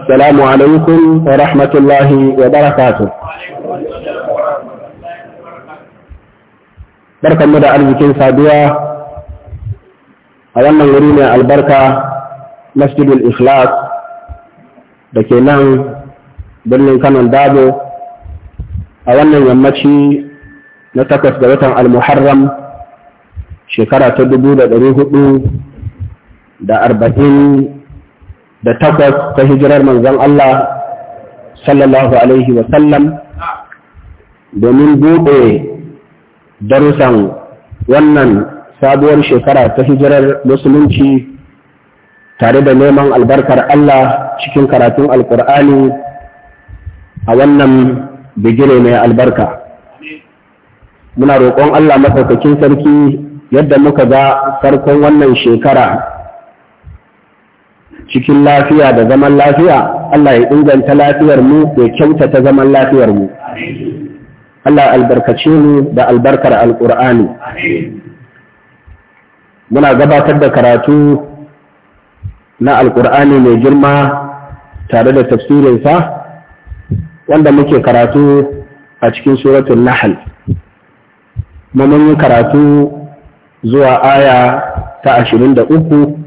السلام عليكم ورحمة الله وبركاته barkan mu da arzikin saduwa a wannan wuri mai albarka masjidul ikhlas da ke nan birnin kanon dabo a wannan yammaci na takwas ga watan almuharram shekara ta dubu da ɗari hudu da arba'in da takwas ta hijirar manzon Allah sallallahu alaihi wa domin buɗe darussan wannan sabuwar shekara ta hijirar musulunci tare da neman albarkar Allah cikin karatun alkur'ani a wannan bigire mai albarka muna roƙon Allah matsaukakin sarki yadda muka ga farkon wannan shekara cikin lafiya da zaman lafiya Allah ya inganta lafiyar mu ya kyautata zaman lafiyar mu Allah albarkace mu da albarkar alqur'ani muna gabatar da karatu na alqur'ani mai girma tare da tafsirinsa wanda muke karatu a cikin suratul nahl mun yi karatu zuwa aya ta ashirin da uku.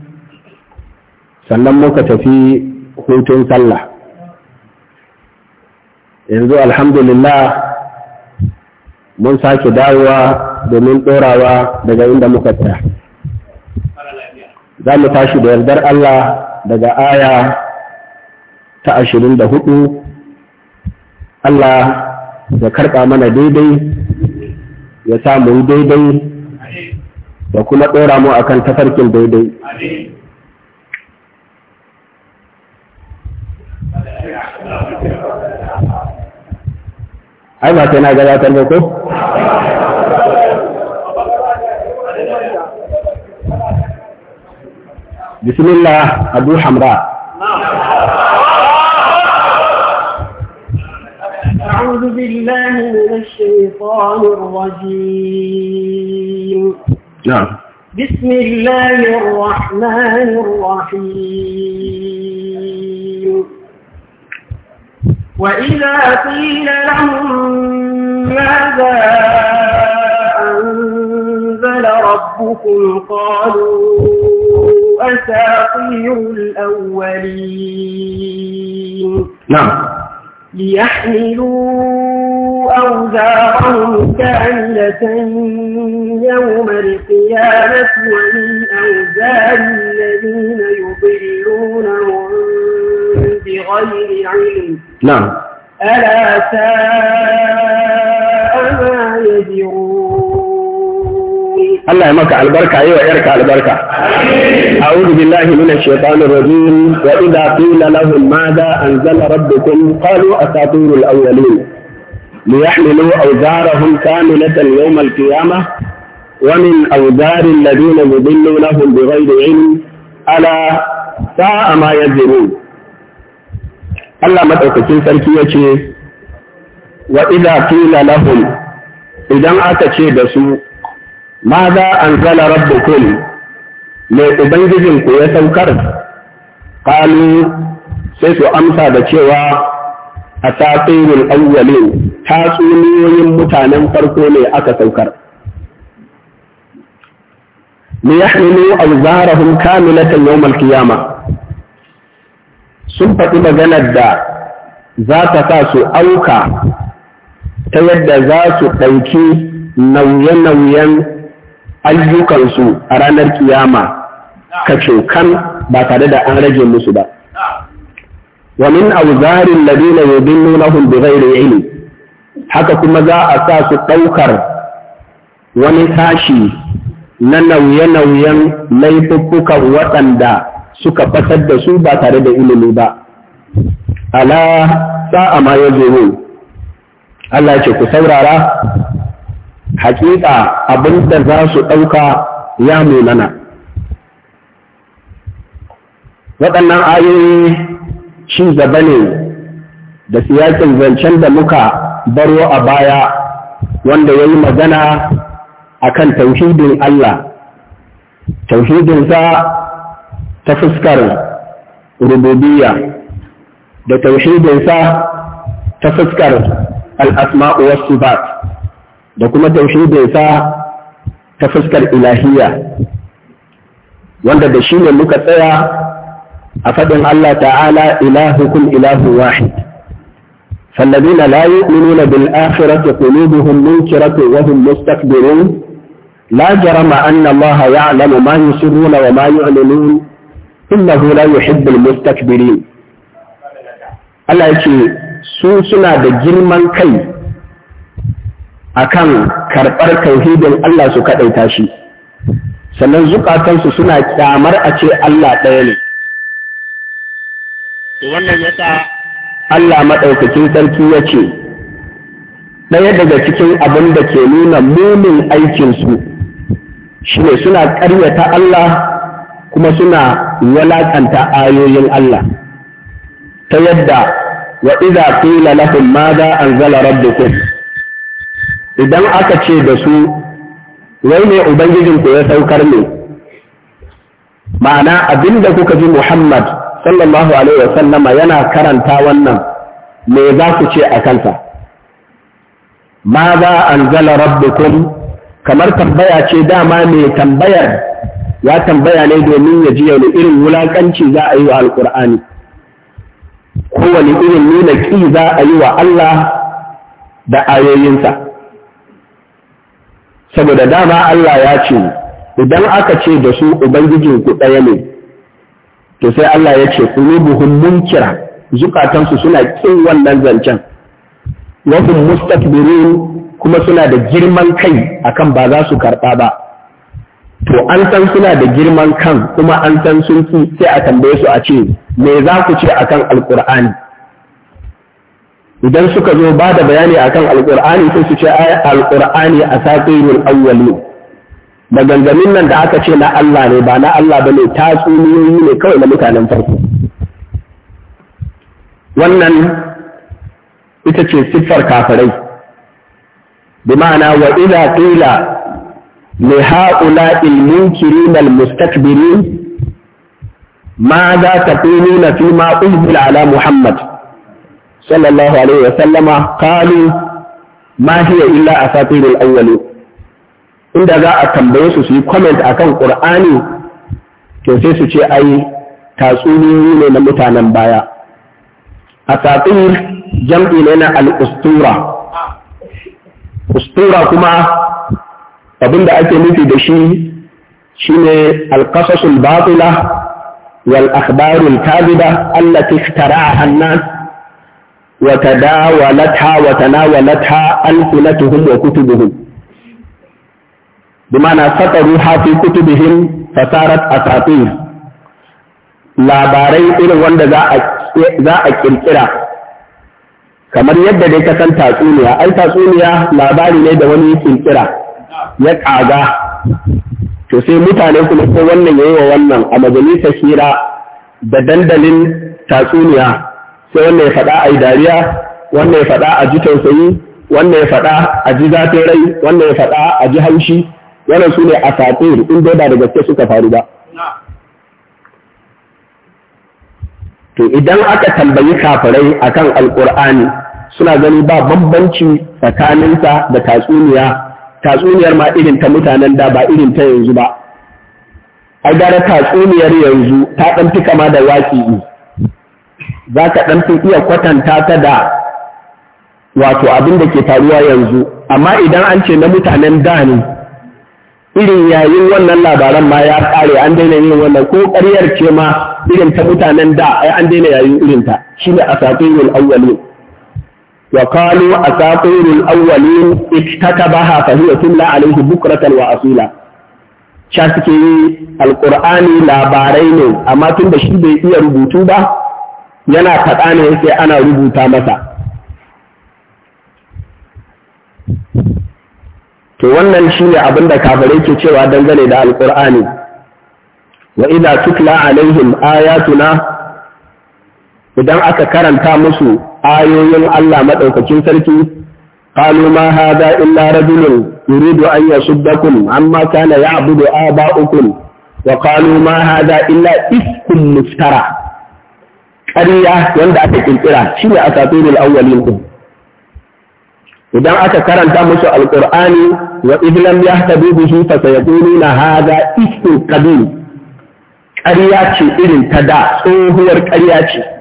sannan muka tafi hutun sallah yanzu alhamdulillah mun sake dawowa domin ɗorawa daga inda muka tsaya za mu tashi da yardar Allah daga aya ta ashirin da hudu Allah ya karɓa mana daidai ya sa samu daidai da kuma ɗora mu akan tafarkin daidai. ai ba sai na gabatar ba ko bismillah abu hamra أعوذ بالله من الشيطان الرجيم نعم بسم الله الرحمن الرحيم وإذا قيل لهم ماذا أنزل ربكم قالوا أساطير الأولين نعم ليحملوا أوزارهم كاملة يوم القيامة ومن أوزار الذين يضلونهم بغير علم نعم ألا ساء ما يزرون الله يمك على البركة أيوة يرك على البركة أعوذ بالله من الشيطان الرجيم وإذا قيل لهم ماذا أنزل ربكم قالوا أساطير الأولين ليحملوا أوزارهم كاملة يوم القيامة ومن أوزار الذين يضلونهم بغير علم ألا ساء ما يزرون Allah madaukakin sarki ya ce wa idza qila lahum idan aka ce da su ma za zala rabbukum me ubangijin ku ya saukar qalu sai su amsa da cewa asatirul awwalin tatsuniyoyin mutanen farko ne aka saukar liyahmilu awzarahum kamilatan yawm al-qiyamah sun faɗi maganar da za ta sa su auka ta yadda za su ɗauki nauye-nauyen ayyukansu a ranar kiyama ka cokan ba tare da an rage musu ba. Wa min auzarin ladina yudillunahum bighairi ne, haka kuma za a sa su ɗaukar wani tashi na nauye-nauyen laifuffukan waɗanda suka fatar da su ba tare da ilimi ba ala sa'a ma ya zuru Allah ce ku saurara hakika abin da za su ɗauka ya munana waɗannan ayoyi shi gaba ne da siyakin zancen da muka baro a baya wanda ya yi magana a kan tauhidin Allah tauhidinsa تفسكر ربوبية بتوحيد إنسان تفسكر الأسماء والصفات دكما توحيد إنسان تفسكر إلهية وانت بشين لك سيا أفد الله تعالى إلهكم إله واحد فالذين لا يؤمنون بالآخرة قلوبهم منكرة وهم مستكبرون لا جرم أن الله يعلم ما يسرون وما يعلنون innahu la yuhibbul mustakbirin Allah yake su suna da girman kai akan karɓar tauhidin Allah su kaɗaita shi sannan zukatansu suna kyamar a ce Allah ɗaya ne wannan yasa Allah maɗaukakin sarki ya ce ɗaya daga cikin abin da ke nuna mumin aikinsu shi ne suna ƙaryata Allah kuma suna walakanta ayoyin Allah ta yadda wa idza qila lahum madha anzala rabbukum idan aka ce da su wai ne ubangijin ku ya saukar ne ma'ana abinda kuka ji Muhammad sallallahu alaihi wasallama yana karanta wannan me za ku ce a kansa madha anzala rabbukum kamar tambaya ce dama mai tambayar ya tambaya ne domin ya ji wani irin wulakanci za a yi wa alkur'ani kowane irin nuna ƙi za a yi wa Allah da ayoyinsa saboda dama Allah ya ce idan aka ce da su ubangijin ku ɗaya ne to sai Allah ya ce qulubuhum munkira zukatansu suna ƙin wannan zancen wasu hum kuma suna da girman kai akan ba za su karɓa ba to an san suna da girman kan kuma an san sun fi sai a tambaye su a ce me za ku ce akan alkur'ani idan suka zo ba da bayani akan alkur'ani sai su ce ai alkur'ani asatirul auwalu. maganganun nan da aka ce na Allah ne ba na Allah ba bane tatsuniyoyi ne kawai na mutanen farko wannan ita ce siffar kafirai bi ma'ana wa idza qila li ha'ula'il ilmin al-mustakbirin ma za ta nuna fi ma unzila ala Muhammad sallallahu alaihi wa sallama qalu ma hiya illa asatirul awwali inda za a tambaye su su yi a kan Qur'ani to sai su ce ai tatsuniyoyi ne na mutanen baya asatir jam'i ne na al ustura kuma abin da ake nufi da shi shine alqasasul batila walakbarin akhbarul kadhiba allati iftara'aha an-nas wa tadawalatha wa tanawalatha alfunatuhum wa kutubuhum bimana sataruha fi kutubihim fasarat asatir labarai irin wanda za a ƙirƙira. kamar yadda dai ka san tatsuniya ai tatsuniya labari ne da wani ƙirƙira. ya ƙaga to sai mutane kuma ko wannan ya yi wa wannan a majalisar hira da dandalin tatsuniya sai wannan ya faɗa a yi dariya wannan ya faɗa a ji tausayi wannan ya faɗa a ji zafin rai wannan ya faɗa a ji haushi wannan su ne a satir in dai ba da gaske suka faru ba to idan aka tambayi kafirai akan alƙur'ani suna gani ba bambanci tsakaninsa da tatsuniya tatsuniyar ma irin ta mutanen da ba irin ta yanzu ba ai gara tatsuniyar yanzu ta ɗan fi kama da ne, za ka ɗan fi iya kwatanta ta da wato abin da ke faruwa yanzu amma idan an ce na mutanen da ne irin yayin wannan labaran ma ya ƙare an daina yin wannan ko ƙaryar ce ma irin ta mutanen da ai an daina yayin irinta shine asatirul awwalin وقالوا أساطير الأولين اكتتبها فهي تملى عليه بكرة وأصيلا شاسكي labarai ne, amma أما تند شي بي iya rubutu ba yana faɗa ne sai ana rubuta masa to wannan shine abinda da ke cewa dangane da alqur'ani wa idza tutla alaihim ayatuna idan aka karanta musu ayoyin Allah maɗaukakin sarki قالوا ما هذا إلا رجل يريد أن يصدكم عما كان يعبد آباؤكم وقالوا ما haza illa iskun مفترى ƙarya wanda aka ƙirƙira shi ne a awwalin ku idan aka karanta musu alqur'ani wa idlam yahtadu bihi fa sayaquluna haza iskun qadim ƙarya ce irin ta da tsohuwar ƙarya ce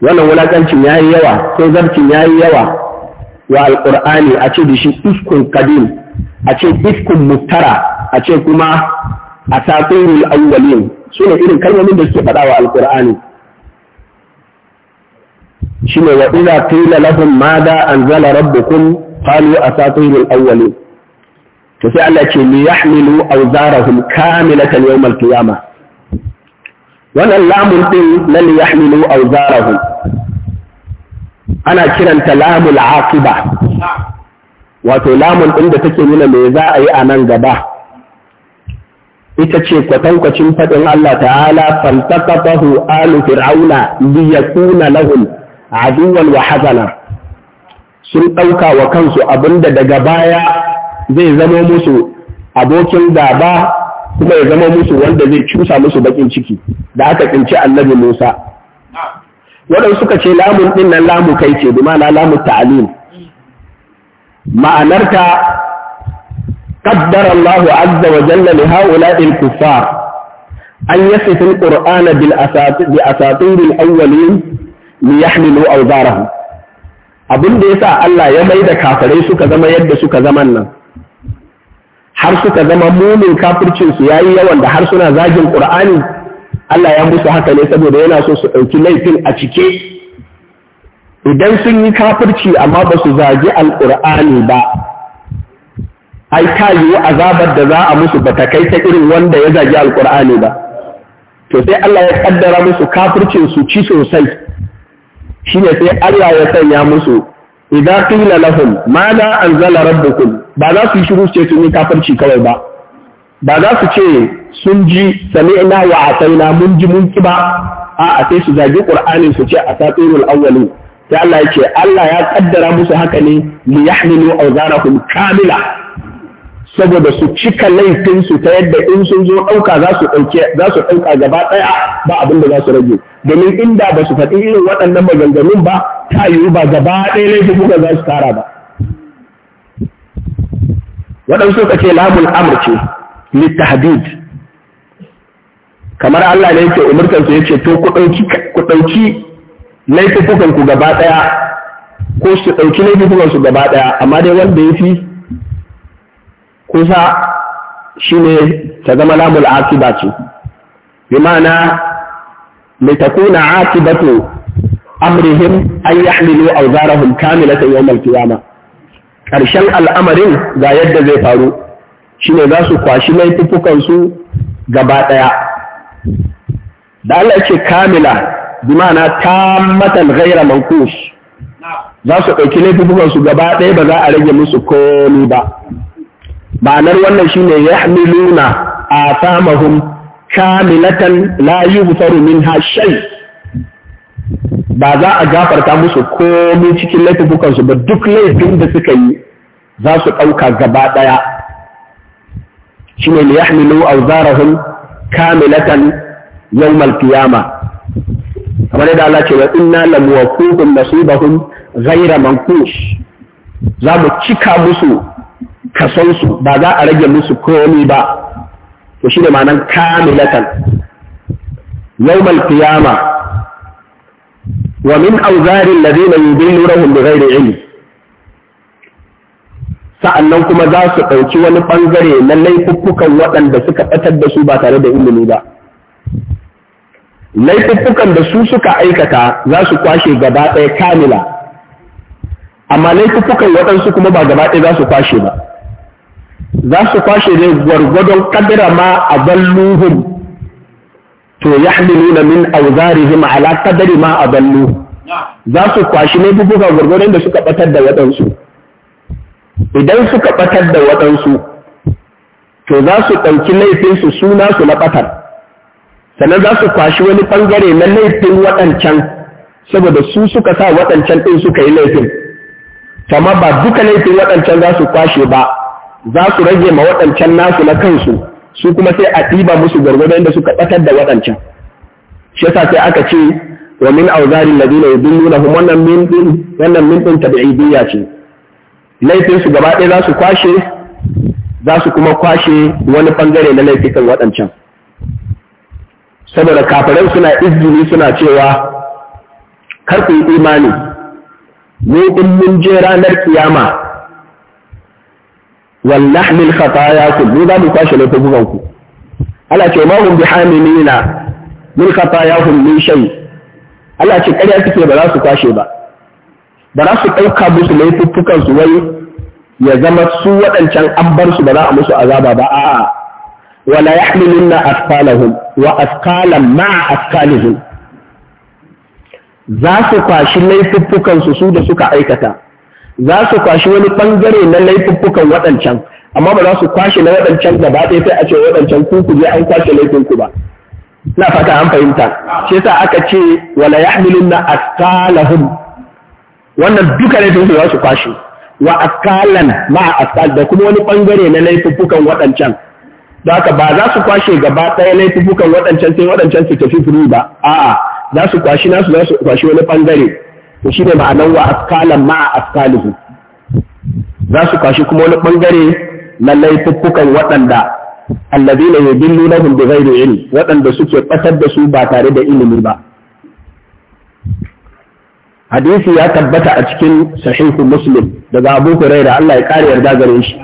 wannan wulaƙancin ya yi yawa ko zarcin ya yawa wa alƙur'ani a ce da shi iskun kadim a ce iskun mutara, a ce kuma a tasirin awwalin su ne irin kalmomin da suke faɗa wa alƙur'ani shi ne wa iza qila lahum madha anzala rabbukum qalu asatirul awwalin to sai Allah ce li yahmilu awzarahum kamilatan yawmal qiyamah wannan lamun din na a auzarahu ana kiranta lamul aqiba wato lamun din da take nuna me za a yi a nan gaba ita ce kwatankwacin faɗin Allah ta'ala faltaqatahu alu fir'auna liyakuna lahum aduwan wa hazana sun ɗauka wa kansu abinda daga baya zai zamo musu abokin gaba kuma ya zama musu wanda zai cusa musu baƙin ciki da aka tsinci annabi Musa waɗansu suka ce lamun ɗin nan lamu kai ce bi ma'ana lamu ta'alim ma'anarta qaddara Allah azza wa jalla li ha'ula'il kuffar an yasifu al-qur'ana bil asatir bi asatir al-awwalin li yahmilu awzarahum abin da yasa Allah ya maida kafarai suka zama yadda suka zaman nan har suka zama mumin kafircin su yayi yawan da har suna zagin qur'ani Allah ya musu haka ne saboda yana so su ɗauki laifin a cike idan sun yi kafirci amma ba su zagi al-Qur'ani ba ai ta yiwu azabar da za a musu ba ta kai ta irin wanda ya zagi al-Qur'ani ba to sai Allah ya kaddara musu kafircin su ci sosai shine sai Allah ya sanya musu ida qila lahum ma a zala rabbukun, ba za su yi shiru ce sun yi kafarci kawai ba ba za su ce sun ji ina wa a sai na mun ji mun ki ba a a sai su zagi qur'anin su ce a asatirul awwalin sai Allah ya ce Allah ya kaddara musu haka ne li yahmilu awzarahum kamila saboda su cika laifinsu ta yadda in sun zo ɗauka za su ɗauka gaba ɗaya ba abin da za su rage domin inda ba su faɗi irin waɗannan maganganun ba ta yiwu ba gaba ɗaya laifin kuka za su tara ba waɗansu ka ce labul amr ce kamar Allah ne yake umurtar su yace to ku ɗauki ku ɗauki laifukan ku gaba ɗaya ko su ɗauki laifukan su gaba ɗaya amma dai wanda ya fi kusa shine ta zama lamul akiba ce bi ma'ana litakuna akibatu amrihim an yahmilu awzarahum kamilatan yawm al-qiyamah karshen al'amarin ga yadda zai faru shine za su kwashi laifukan su gaba daya da Allah ce kamila bi ma'ana tammatan ghayra mankush za su ɗauki laifukan su gaba ɗaya ba za a rage musu komai ba ma'anar wannan shine a samahun kamilatan layubu yughfaru min hashai ba za a gafarta musu komi cikin laifukan ba duk laifin da suka yi za su ɗauka gaba ɗaya. daya shine a awzarahum kamilatan yau malfiyama kamar yadda Allah ce wa inna masu bahun zaira mankush za mu cika musu kasonsu ba za a rage musu komi ba to shi ne ma'anar kamilatan yawmal qiyama wa min auzarin ladina yudillunahum da ilmi sa'annan kuma za su ɗauki wani ɓangare na laifuffukan waɗanda suka ɓatar da su ba tare da ilimi ba laifuffukan da su suka aikata za su kwashe gaba ɗaya kamila amma laifukan waɗansu kuma ba gaba ɗaya za su kwashe ba za su kwashe ne gwargwadon kadira ma a balluhum to ya nuna min auzarihim ala kadari ma a ballu za su kwashe ne bubuga gwargwadon da suka batar da waɗansu idan suka batar da waɗansu to za su ɗauki laifinsu suna su na batar sannan za su kwashi wani ɓangare na laifin waɗancan saboda su suka sa waɗancan ɗin suka yi laifin kama ba duka laifin waɗancan za su kwashe ba za su rage ma waɗancan nasu na kansu su kuma sai a ɗiba musu gwargwadon da suka ɓatar da waɗancan shi yasa sai aka ce wa min auzari ladina yudillunahum wannan min din wannan min din tabi'idiyya ce Laifinsu gaba ɗaya za su kwashe za su kuma kwashe wani bangare na laifukan waɗancan saboda kafirai suna izini suna cewa kar ku yi imani mu in mun je ranar kiyama wallahi min khataya ku mu za mu kwashe laifukan ku Allah ce ma hum bihamilina min khatayahum min shay Allah ce ƙarya suke ba za su kwashe ba ba za su ɗauka musu laifuffukan su wai ya zama su waɗancan an bar su ba za a musu azaba ba a'a wa za su kwashi laifuffukan su su da suka aikata za su kwashi wani bangare na laifuffukan waɗancan amma ba za su kwashe na waɗancan gaba ɗaya sai a ce waɗancan ku ku je an kwashe laifin ku ba na fata an fahimta shi yasa aka ce wala na asqalahum wannan duka laifin su za su kwashe wa asqalan ma asqal da kuma wani bangare na laifuffukan waɗancan da haka ba za su kwashe gaba ɗaya laifuffukan waɗancan sai waɗancan su tafi furu ba a'a za su kwashi nasu za su kwashi wani bangare to shine ma'anar wa askalan ma'a askalihu za su kwashi kuma wani bangare na laifukan waɗanda hundu zai da ilm waɗanda suke ɓatar da su ba tare da ilimi ba hadisi ya tabbata a cikin sahihu muslim daga abu da Allah ya kare yarda gare shi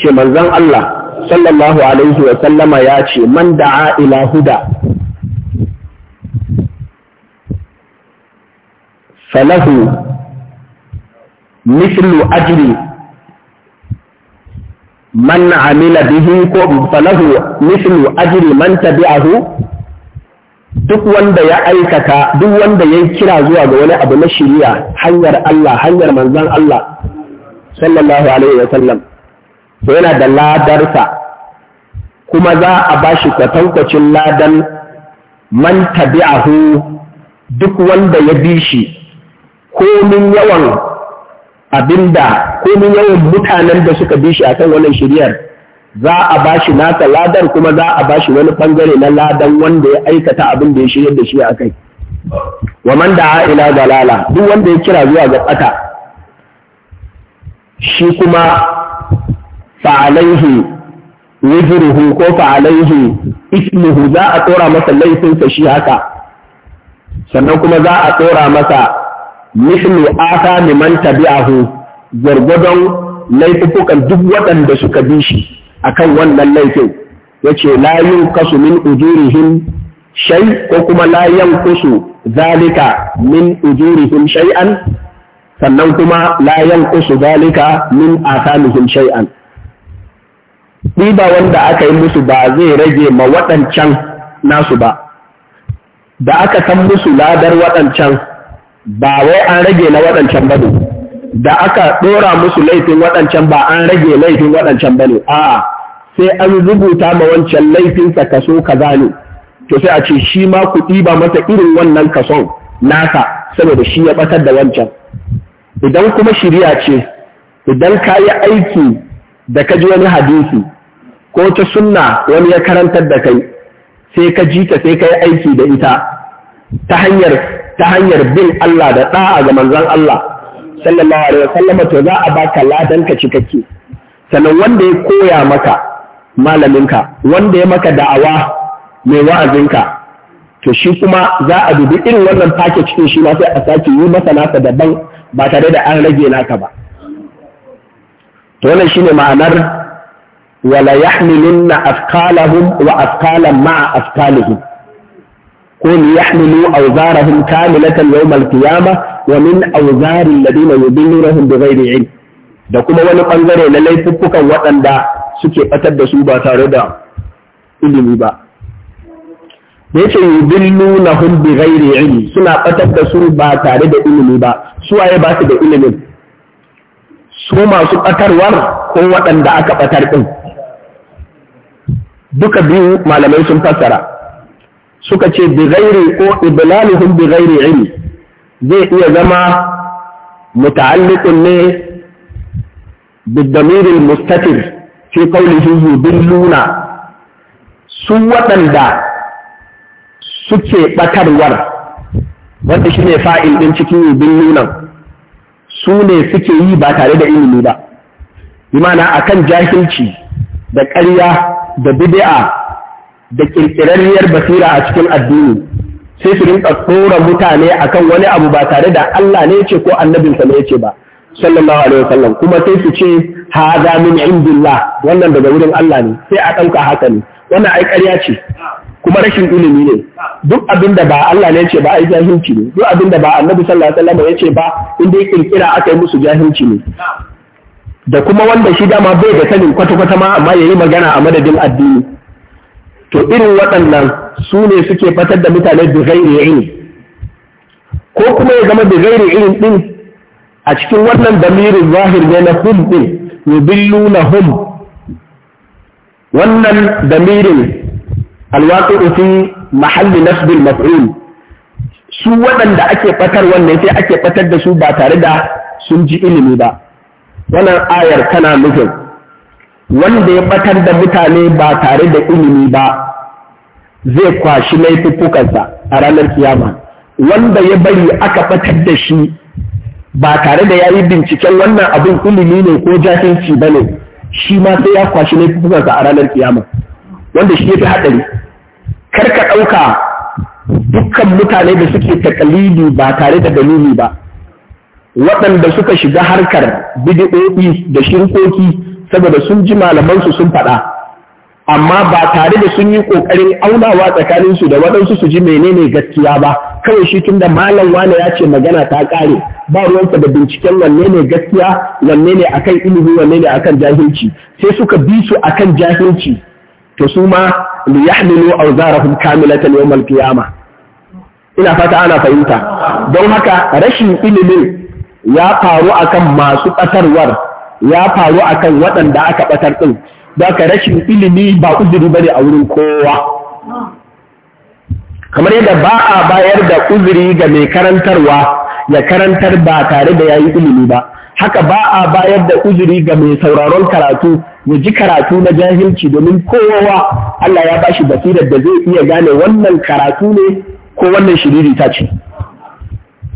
ce manzan Allah sallallahu alaihi wa sallama ya ce man da'a ila huda فله مثل ajri من عمل به فله مثل mislu من تبعه duk wanda ya aikata duk wanda ya kira zuwa ga wani abu na shiriya hanyar Allah hanyar manzan Allah sallallahu alaihi wa sallam to yana da ladarsa kuma za a bashi kwatankwacin ladan man tabi'ahu duk wanda ya bi shi komin yawan abin da, komin yawan mutanen da suka bi shi akan wannan shiriyar za a ba shi nasa ladar kuma za a ba shi wani bangare na ladan wanda ya aikata abin da ya shirya da shi a kai wa man da ila dalala duk wanda ya kira zuwa ga tsaka shi kuma fa'alaihi wujuruhu ko fa'alaihi ismuhu za a tsora masa laifinsa shi haka sannan kuma za a tsora masa mithlu ata man tabi'ahu gwargwadon laifukan duk waɗanda suka bi shi akan wannan laifin yace la kasu min ujurihim shay ko kuma la kusu zalika min ujurihim shay'an sannan kuma la kusu zalika min athamihim shay'an ba wanda aka yi musu ba zai rage ma waɗancan nasu ba da aka san musu ladar waɗancan ba wai an rage na waɗancan ba ne da aka ɗora musu laifin waɗancan ba an rage laifin waɗancan ba ne a'a sai an rubuta ma wancan laifinsa kaso kaza ne to sai a ce shi ma ku ɗiba masa irin wannan kason nasa saboda shi ya ɓatar da wancan idan kuma shirya ce idan ka yi aiki da ka ji wani hadisi ko ta sunna wani ya karantar da kai sai ka ji ta sai ka yi aiki da ita ta hanyar ta hanyar bin Allah da ɗa'a ga manzon Allah sallallahu alaihi wasallam to za a baka ladan ka cikakke sannan wanda ya koya maka malaminka wanda ya maka da'awa mai wa'azinka to shi kuma za a dubi irin wannan fake cikin shi ma sai a sake yi masa nasa daban ba tare da an rage naka ba to wannan shine ma'anar wala yahmilunna afqalahum wa afqalan ma'a afqalihim ko li yahmilu awzarahum kamilatan yawm al-qiyamah wa min awzari alladhina yudillunahum bighairi ilm da kuma wani bangare na laifukan waɗanda suke batar da su ba tare da ilimi ba da yake yudillunahum bighairi ilm suna batar da su ba tare da ilimi ba suwaye ba su da ilimin su masu ɓatarwar ko waɗanda aka ɓatar din duka biyu malamai sun fassara suka ce bi ko iblalihum bi ilmi zai iya zama muta'alliqun ne bid-damir al-mustatir fi qawlihi yudilluna su waɗanda suke ɓatarwar. wanda shine fa'il din cikin yudilluna su ne suke yi ba tare da ilimi ba imana akan jahilci da ƙarya da bid'a da ƙirƙirarriyar basira a cikin addini sai su rinka tsora mutane akan wani abu ba tare da Allah ne ce ko annabinsa ne ce ba sallallahu alaihi wasallam kuma sai su ce hada min indillah wannan daga wurin Allah ne sai a ɗauka haka ne wannan ai ƙarya ce kuma rashin ilimi ne duk abin da ba Allah ne ce ba ai jahilci ne duk abin da ba annabi sallallahu alaihi wasallam ya ce ba in dai kirkira aka yi musu jahilci ne da kuma wanda shi dama bai da sanin kwata-kwata ma amma yayi magana a madadin addini to irin waɗannan su ne suke fatar da mutane da gairi ko kuma ya zama da gairi ilmi din a cikin wannan damirin zahir ne na hum din yubillu na hum wannan damirin alwaqi'u fi mahalli nasbil maf'ul su waɗanda ake fatar wannan sai ake fatar da su ba tare da sun ji ilimi ba wannan ayar tana nufin wanda ya batar da mutane ba tare da ilimi ba zai kwashi laifukansa a ranar kiyama wanda ya bari aka batar da shi ba tare da ya yi binciken wannan abin ilimi ne ko jahilci ba ne shi ma sai ya kwashi laifukansa a ranar kiyama wanda shi ya fi haɗari kar ka ɗauka dukkan mutane da suke takalili ba tare da dalili ba waɗanda suka shiga harkar bidi'o'i da shirkoki saboda sun ji malamansu sun faɗa amma ba tare da sun yi ƙoƙarin aunawa tsakaninsu da waɗansu su ji menene gaskiya ba kawai shi tun da malam wane ya ce magana ta ƙare ba ruwansa da binciken wanne ne gaskiya wanne ne akan ilimi wanne ne akan jahilci sai suka bi su akan jahilci to su ma li yahmilu awzarahum kamilatan al qiyama ina fata ana fahimta don haka rashin ilimin ya faru akan masu ƙasarwar ya faru a kan waɗanda aka ɓatar ɗin da ka rashin ilimi ba uzuri ne a wurin kowa kamar yadda ba a bayar da uzuri ga mai karantarwa ya karantar ba tare da yayi ilimi ba haka ba a bayar da uzuri ga mai sauraron karatu ya ji karatu na jahilci domin kowa Allah ya bashi basirar da zai iya gane wannan karatu ne ko wannan shiririta ce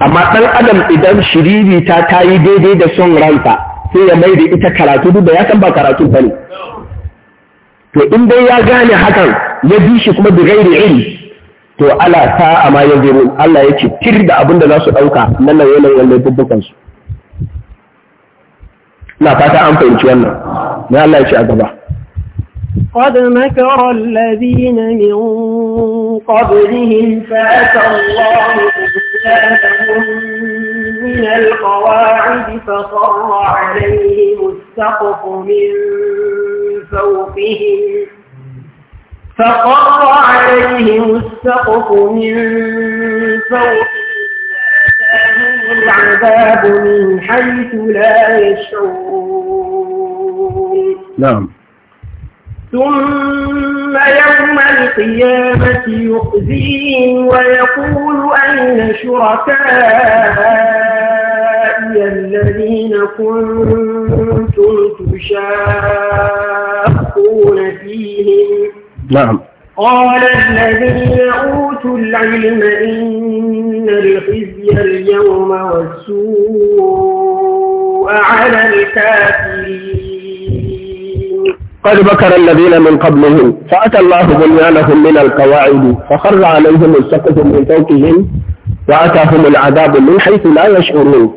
amma ɗan adam idan shiririta ta yi daidai da son ranta. sai ya mai da ita karatu duk da ya san ba karatu ba ne to in dai ya gane hakan ya bi shi kuma da gairi ilmi to Allah ta amma ya zero Allah ya ce tir da abin da za su ɗauka na nauye-nauyen laifuffukan su na fata an fahimci wannan ne Allah ya ce a gaba قد مكر الذين من قبلهم فأتى الله بسلامهم من القواعد فصر عليهم السقف من فوقهم فقر عليهم السقف من فوقهم العذاب من حيث لا يشعرون نعم ثم يوم القيامة يخزيهم ويقول أين شركائي الذين كنتم تشاقون فيهم نعم قال الذين أوتوا العلم إن الخزي اليوم والسوء على الكافرين قد بكر الذين من قبلهم فأتى الله بنيانهم من القواعد فخر عليهم السقف من فوقهم وأتاهم العذاب من حيث لا يشعرون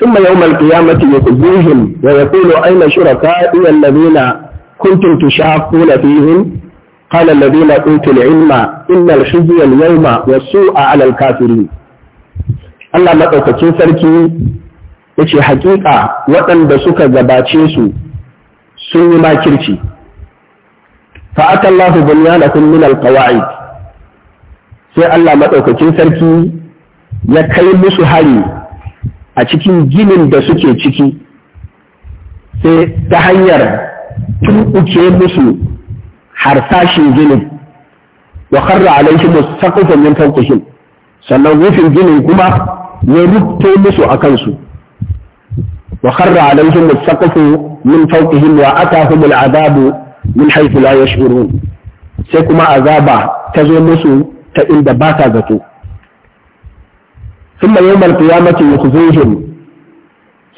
ثم يوم القيامة يخزيهم ويقول أين شركائي الذين كنتم تشاقون فيهم قال الذين أوتوا العلم إن الخزي اليوم والسوء على الكافرين الله ما sarki ya ce حقيقة وأن suka gabace sun yi makirci fa'ata Allah kun min alqawaid sai Allah madaukakin sarki ya kai musu hari a cikin ginin da suke ciki sai ta hanyar uke musu harsashin ginin wa karra alaihim saqufa min fawqihim sannan rufin ginin kuma ya rufe musu a kansu wa karra alaihim saqufu min fawqihim wa atahum al'adabu min haythu la yash'urun sai kuma azaba ta zo musu ta inda ba ta zato thumma yawm al-qiyamati yukhzihim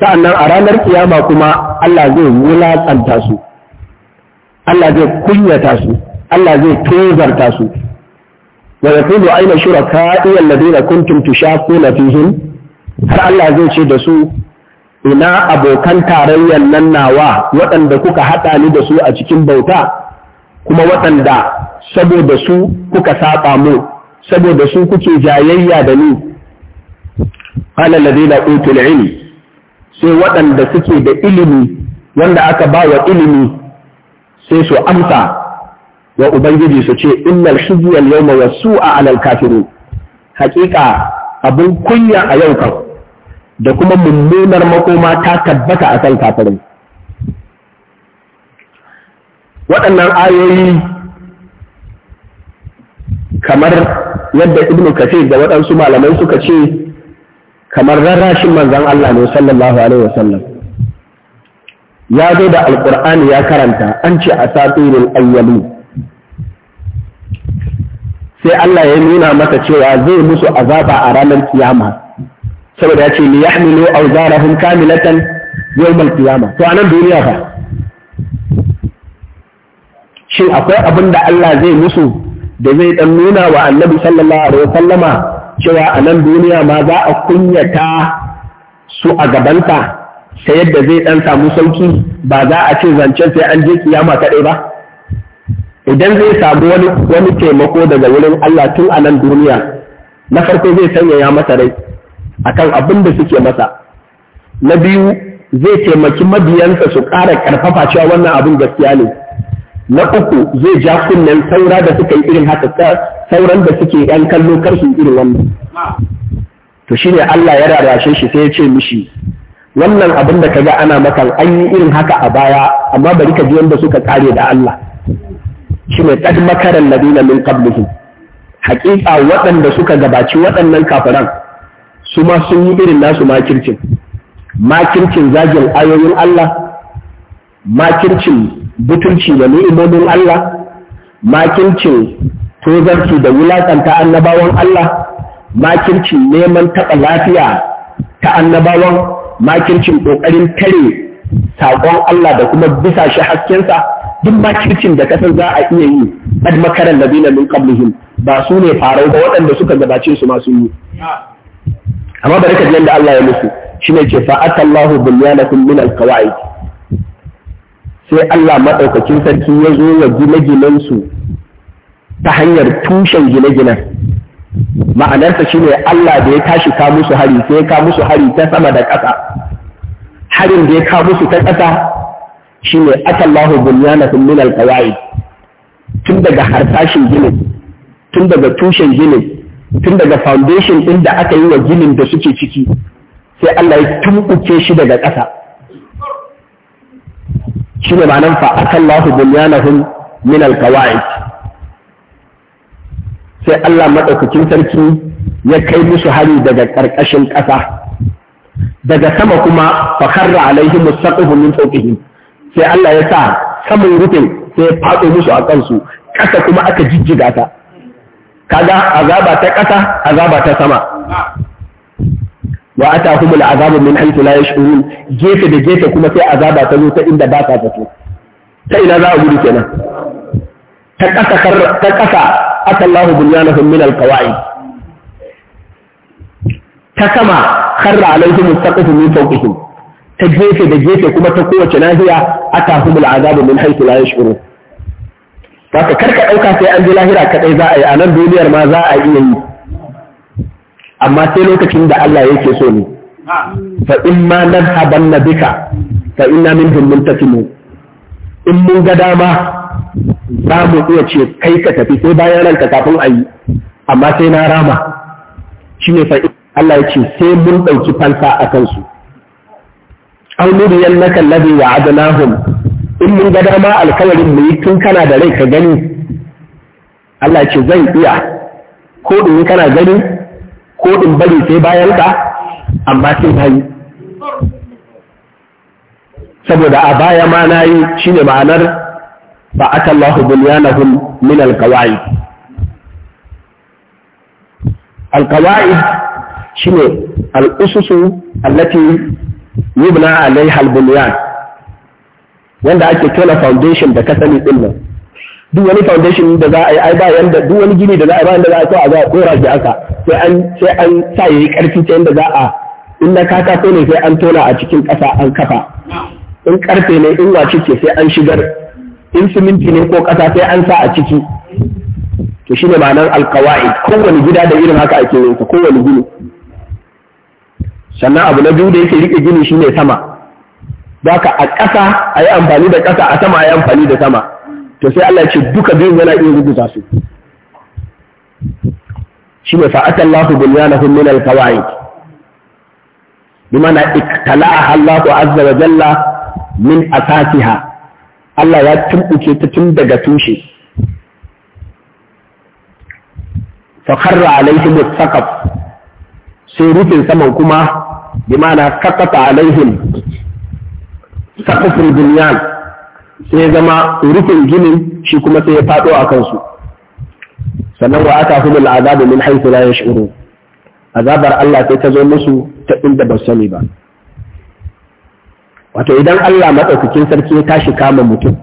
sa'annan a ranar kiyama kuma Allah zai wulatsanta su Allah zai kunyata su Allah zai tozarta su wa yaqulu ayna shuraka'i alladhina kuntum tushaqquna fihim har Allah zai ce da su ina abokan tarayyar nan nawa waɗanda kuka haɗa ni da su a cikin bauta kuma waɗanda saboda su kuka saba mu saboda su kuke jayayya da ni qala utul ilmi sai waɗanda suke da ilimi wanda aka ba wa ilimi sai su amsa wa ubangiji su ce innal hizya al-yawma wasu'a 'ala kafirin haƙiƙa abun kunya a yau kan da kuma mummunar makoma ta tabbata a kan kafirin waɗannan ayoyi kamar yadda ibnu kafir da waɗansu malamai suka ce kamar rarrashin manzan Allah ne sallallahu alaihi wasallam ya zo da alƙur'ani ya karanta an ce a satirin ayyalu sai Allah ya nuna masa cewa zai musu azaba a ranar kiyama saboda ya ce ya a yahmilu hun kamilatan yawm al-qiyamah to anan duniya ba shi akwai abin da Allah zai musu da zai dan nuna wa Annabi sallallahu alaihi wasallama cewa a nan duniya ma za a kunyata su a gabanta ta yadda zai ɗan samu sauki ba za a ce zancen sai an je kiyama kaɗai ba idan zai samu wani taimako daga wurin Allah tun a nan duniya na farko zai sanya ya masa rai akan abin da suke masa na biyu zai taimaki mabiyansa su ƙara ƙarfafa cewa wannan abin gaskiya ne na uku zai ja kunnen saura da suka yi irin haka sauran da suke yan kallo kar su irin wannan to shine Allah ya rarashe shi sai ya ce mishi wannan abin da kaga ana maka an yi irin haka a baya amma bari ka ji wanda suka kare da Allah shine qad makaran ladina min qablihim haƙiƙa waɗanda suka gabaci waɗannan kafiran su ma sun yi irin nasu makircin makircin zagin ayoyin Allah makircin butulci da ni'imomin Allah makircin tozarci da wulakanta annabawan Allah makircin neman taɓa lafiya ta annabawan makircin ƙoƙarin tare saƙon Allah da kuma bisa shi haskensa duk makircin da kasar za a iya yi ad makaran da bina min ba su ne farau ba waɗanda suka gabace su masu yi amma bari ka da Allah ya musu ne ce fa atallahu kun min alqawaid sai Allah madaukakin sarki ya zo wa gine ginensu ta hanyar tushen gine-ginen ma'anarsa shi ne Allah da ya tashi ka musu hari sai ya ka musu hari ta sama da ƙasa harin da ya ka musu ta ƙasa shi ne lahu atallahu kun min alqawaid tun daga harsashin ginin tun daga tushen ginin tun daga foundation ɗin da aka yi wa ginin da suke ciki sai Allah ya tumɓuke shi daga ƙasa shi ne ma'anan fa'akan lahu bunyanahum min alkawa'id sai Allah maɗaukakin sarki ya kai musu hari daga ƙarƙashin ƙasa daga sama kuma fakarra alaihi musaqihu min fawqihim sai Allah ya sa saman rufin sai ya faɗo musu a kansu ƙasa kuma aka jijjiga ta kaga azaba ta ƙasa azaba ta sama wa ata kuma atahumul azabu min haythu la yash'urun gefe da gefe kuma sai azaba ta zo ta inda ba ta zato ta ina za a gudu kenan ta ƙasa ta ƙasa atallahu bunyanahum min alqawaid ta sama kharra alaihim mustaqifun min fawqihim ta gefe da gefe kuma ta kowace nahiya atahumul azabu min haythu la yash'urun Baka karka ɗauka sai an ji lahira kaɗai za a yi a nan duniyar ma za a iya yi. Amma sai lokacin da Allah yake so ne. Fa in ma nan haban na bika fa inna min hummun tafimu. In mun ga dama za mu iya ce kai ka tafi sai bayan ka kafin a yi. Amma sai na rama. Shi ne fa Allah ya ce sai mun ɗauki fansa a kansu. An nuriyan nakan labe wa adanahum in mun ga dama alkawarin mu yi tun kana da rai ka gani Allah ce zan iya ko in kana gani ko in bari sai bayan ka amma sai bayi saboda a baya ma na yi shine ma'anar ba aka bunyanahum min alqawaid alqawaid shine al'ususu allati yubna alaiha albunyan wanda ake tona foundation da ka sani din nan duk wani foundation da za a yi ai ba yanda duk wani gini da za a ba yanda za a a za a dora shi aka sai an sai an sa yayi karfi ta yanda za a in na katako ne sai an tona a cikin ƙasa an kafa in karfe ne in wace ce sai an shigar in siminti ne ko ƙasa sai an sa a ciki to shine ma'anar alqawaid kowane gida da irin haka ake yin sa kowane gini sannan abu na biyu da yake rike gini shine sama ka a ƙasa a yi amfani da ƙasa a sama a yi amfani da sama. To sai Allah ce duka biyun yana iya rubuta su. Shi ne fa'atan lafi bunyanahum min al-fawaid. Bimana iktala'a Allahu azza wa jalla min asasiha. Allah ya tumɓuke ta tun daga tushe. fakarra alaihim sakaf sai rufin saman kuma bi na sakata alaihim sakafin duniya sai zama rufin ginin shi kuma sai ya faɗo a kansu sannan wa aka hudul azabu min haythu la yash'urun azabar Allah sai ta zo musu ta inda ba sani ba wato idan Allah madaukakin sarki ya tashi kama mutum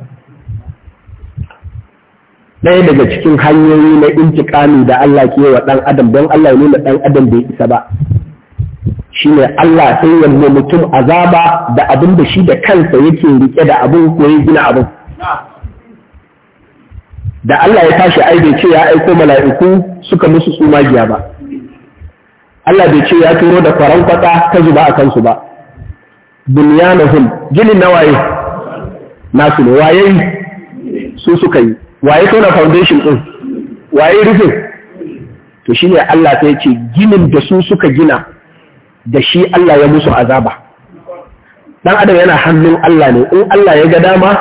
ɗaya daga cikin hanyoyi na intiƙami da Allah ke wa ɗan adam don Allah ya nuna ɗan adam bai isa ba shine Allah sai ya mutum azaba da abin da shi da kansa yake rike da abin ko ya gina abin da Allah ya tashi ai bai ce ya aiko mala'iku suka musu su magiya ba Allah bai ce ya turo da kwaran kwata ta zuba a kansu ba bunyanahum ginin na waye nasu ne waye su suka yi waye tona foundation din waye rufin to shine Allah sai ce ginin da su suka gina da shi Allah ya musu azaba dan adam yana hannun Allah ne in Allah ya ga dama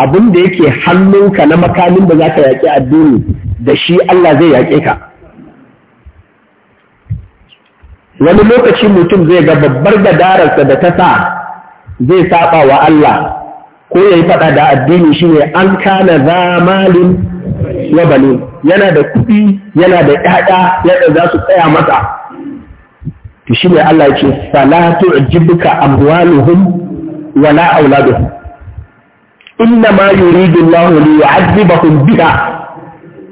abin da yake hannunka na makamin da zaka yaƙi addini da shi Allah zai yaƙe ka wani lokaci mutum zai ga babbar gadararsa da ta sa zai saba wa Allah ko yayi faɗa da addini shine an kana zamalin wa yana da kuɗi yana da ƴaƴa yadda za su tsaya masa to shi ne Allah ya ce fala tu'jibuka amwaluhum wala auladuhum inna ma yuridu Allah li yu'adhibahum biha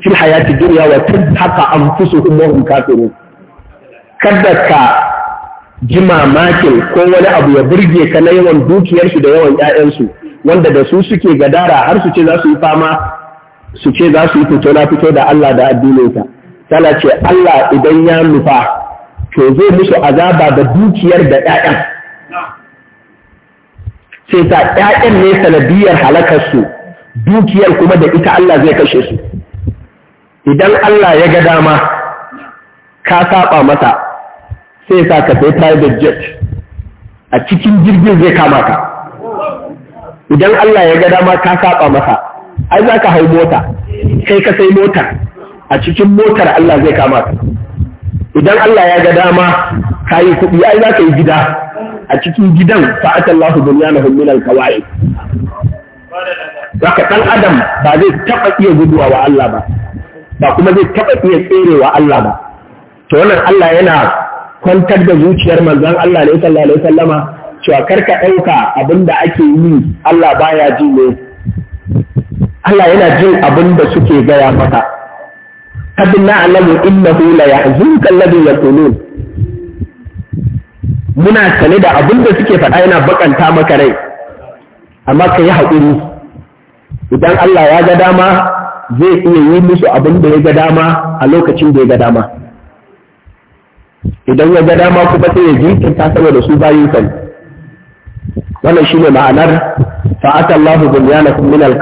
fil hayati dunya wa tadhaqa anfusuhum wa hum kafirun kada ka ji mamakin ko wani abu ya burge ka na yawan dukiyarsu da yawan 'ya'yansu wanda da su suke gadara har su ce za su yi fama su ce za su yi fito na fito da Allah da addinin ka. tana ce Allah idan ya nufa to zai musu azaba da dukiyar da ƴaƴan sai ta ƴaƴan ne sanadiyar halakarsu dukiyar kuma da ita Allah zai kashe su idan Allah ya ga dama ka saba masa sai sa ka sai private jet a cikin jirgin zai kama ka idan Allah ya ga dama ka saba masa ai za ka hau mota kai ka sai mota a cikin motar Allah zai kama ka idan Allah ya ga dama ka yi kuɗi ai za ka yi gida a cikin gidan fa'atan lahu na na al-qawaid Zaka ɗan adam ba zai taba iya guduwa wa Allah ba, ba kuma zai taba iya tserewa Allah ba. To wannan Allah yana kwantar da zuciyar manzon Allah ne sallallahu alaihi wasallama cewa karka ɗauka abinda ake yi Allah baya ji ne. Allah yana jin abun da suke gaya maka. قد نعلم إنه ليحزنك ya يقولون muna sane da abin da suke faɗa yana baƙanta maka rai amma ka yi haƙuri idan Allah ya ga dama zai iya yi musu abin da ya ga dama a lokacin da ya ga dama idan ya ga dama kuma sai ya ji ta da su bayin sani wannan shine ma'anar fa'ata Allahu bunyanahum min al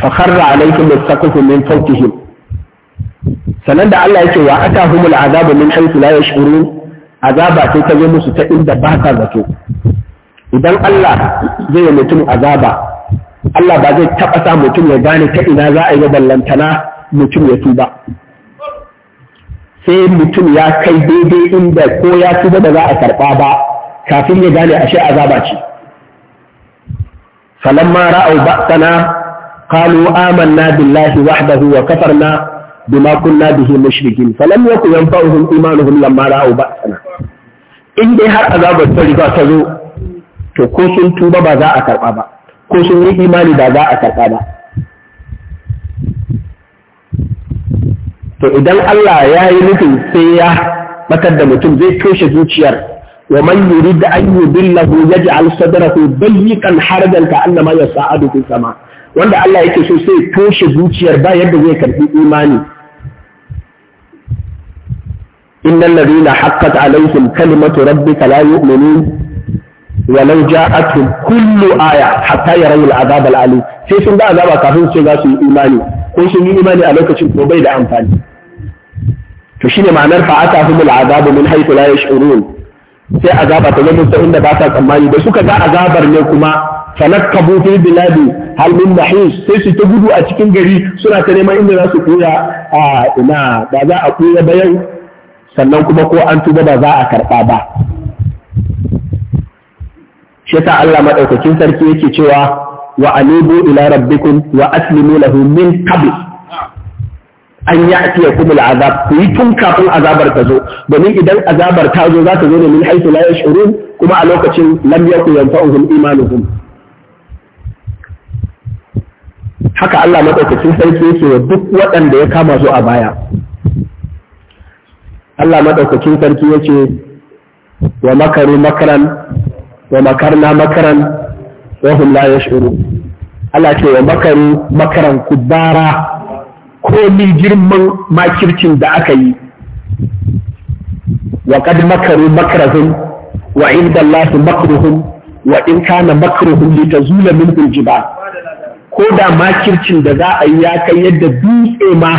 fa kharra alaihim as-saqfu sanan da Allah yake wa atahumul azabu min haythu la yash'urun azaba sai ta zo musu ta inda ba ka zato idan Allah zai mutum azaba Allah ba zai taɓa sa mutum ya gane ta ina za a yi ballantana mutum ya tuba sai mutum ya kai daidai inda ko ya tuba ba za a karɓa ba kafin ya gane ashe azaba ce falamma ra'au ba'sana قالوا آمنا بالله وحده وكفرنا بما كنا به مشركين فلم يكن ينفعهم إيمانهم لما رأوا بأسنا in dai har azabar ta riga ta zo to ko sun tuba ba za a karɓa ko sun yi imani ba za a karɓa to idan Allah ya yi nufin sai ya batar da mutum zai toshe zuciyar wa man yurid an yudillahu yaj'al sadrahu dayyiqan harajan ka annama yas'adu sama wanda Allah yake so sai toshe zuciyar ba yadda zai karbi imani innal ladina haqqat alaihim kalimatu rabbika la yu'minun walau ja'atuhum kullu aya hatta yarawul azab al sai sun ga azaba kafin su ga su yi imani ko sun yi imani a lokacin ko bai da amfani to shine ma'anar fa aka fa'atahumul azabu min haythu la yash'urun sai azaba ta zama ta inda ba ta tsammani da suka ga azabar ne kuma Fanakka في biladi, هل من محيص sai su ta gudu a cikin gari suna ta neman inda za su kura. a ina ba za a koya bayan sannan kuma ko an tuba ba za a karɓa ba Shata Allah madaukakin sarki yake cewa wa anibu ila rabbikum wa aslimu lahu min qabl an ya'tiyakum azab. ku yi tun kafin azabar ta zo domin idan azabar ta zo za ta zo ne min haythu la yash'urun kuma a lokacin lam yakun yanfa'uhum imanuhum haka Allah maɗaukacin sarki yake wa duk waɗanda ya kama su a baya Allah maɗaukacin sarki yake wa makaru makaran wa makarna makaran wa hum ya shuru. Allah ce wa makaru makaran kubara ko ni girman makircin da aka yi wa qad makaru makrahum wa inda Allah makruhum wa in kana makruhum ta zula al-jibal ko da makircin da za a yi ya kai yadda dutse ma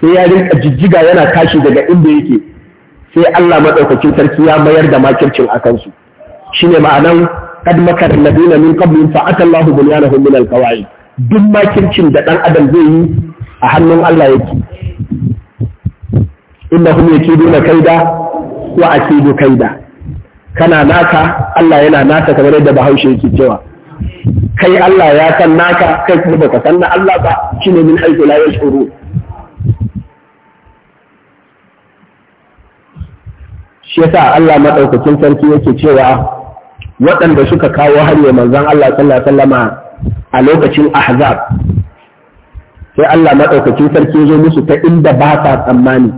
sai ya rinka jijjiga yana tashi daga inda yake sai Allah maɗaukacin sarki ya mayar da makircin a kansu shine ma'anan kad makar ladina min qabl fa atallahu bunyanahum min alqawaid duk makircin da ɗan adam zai yi a hannun Allah yake innahum yakiduna kaida wa akidu kaida kana naka Allah yana naka kamar yadda Bahaushe yake cewa kai Allah ya san naka kai kuma baka san na Allah ba shi ne min haiku la shuru shi yasa Allah madaukakin sarki yake cewa waɗanda suka kawo harye manzon Allah sallallahu alaihi wasallama a lokacin ahzab sai Allah madaukakin sarki ya zo musu ta inda ba sa tsammani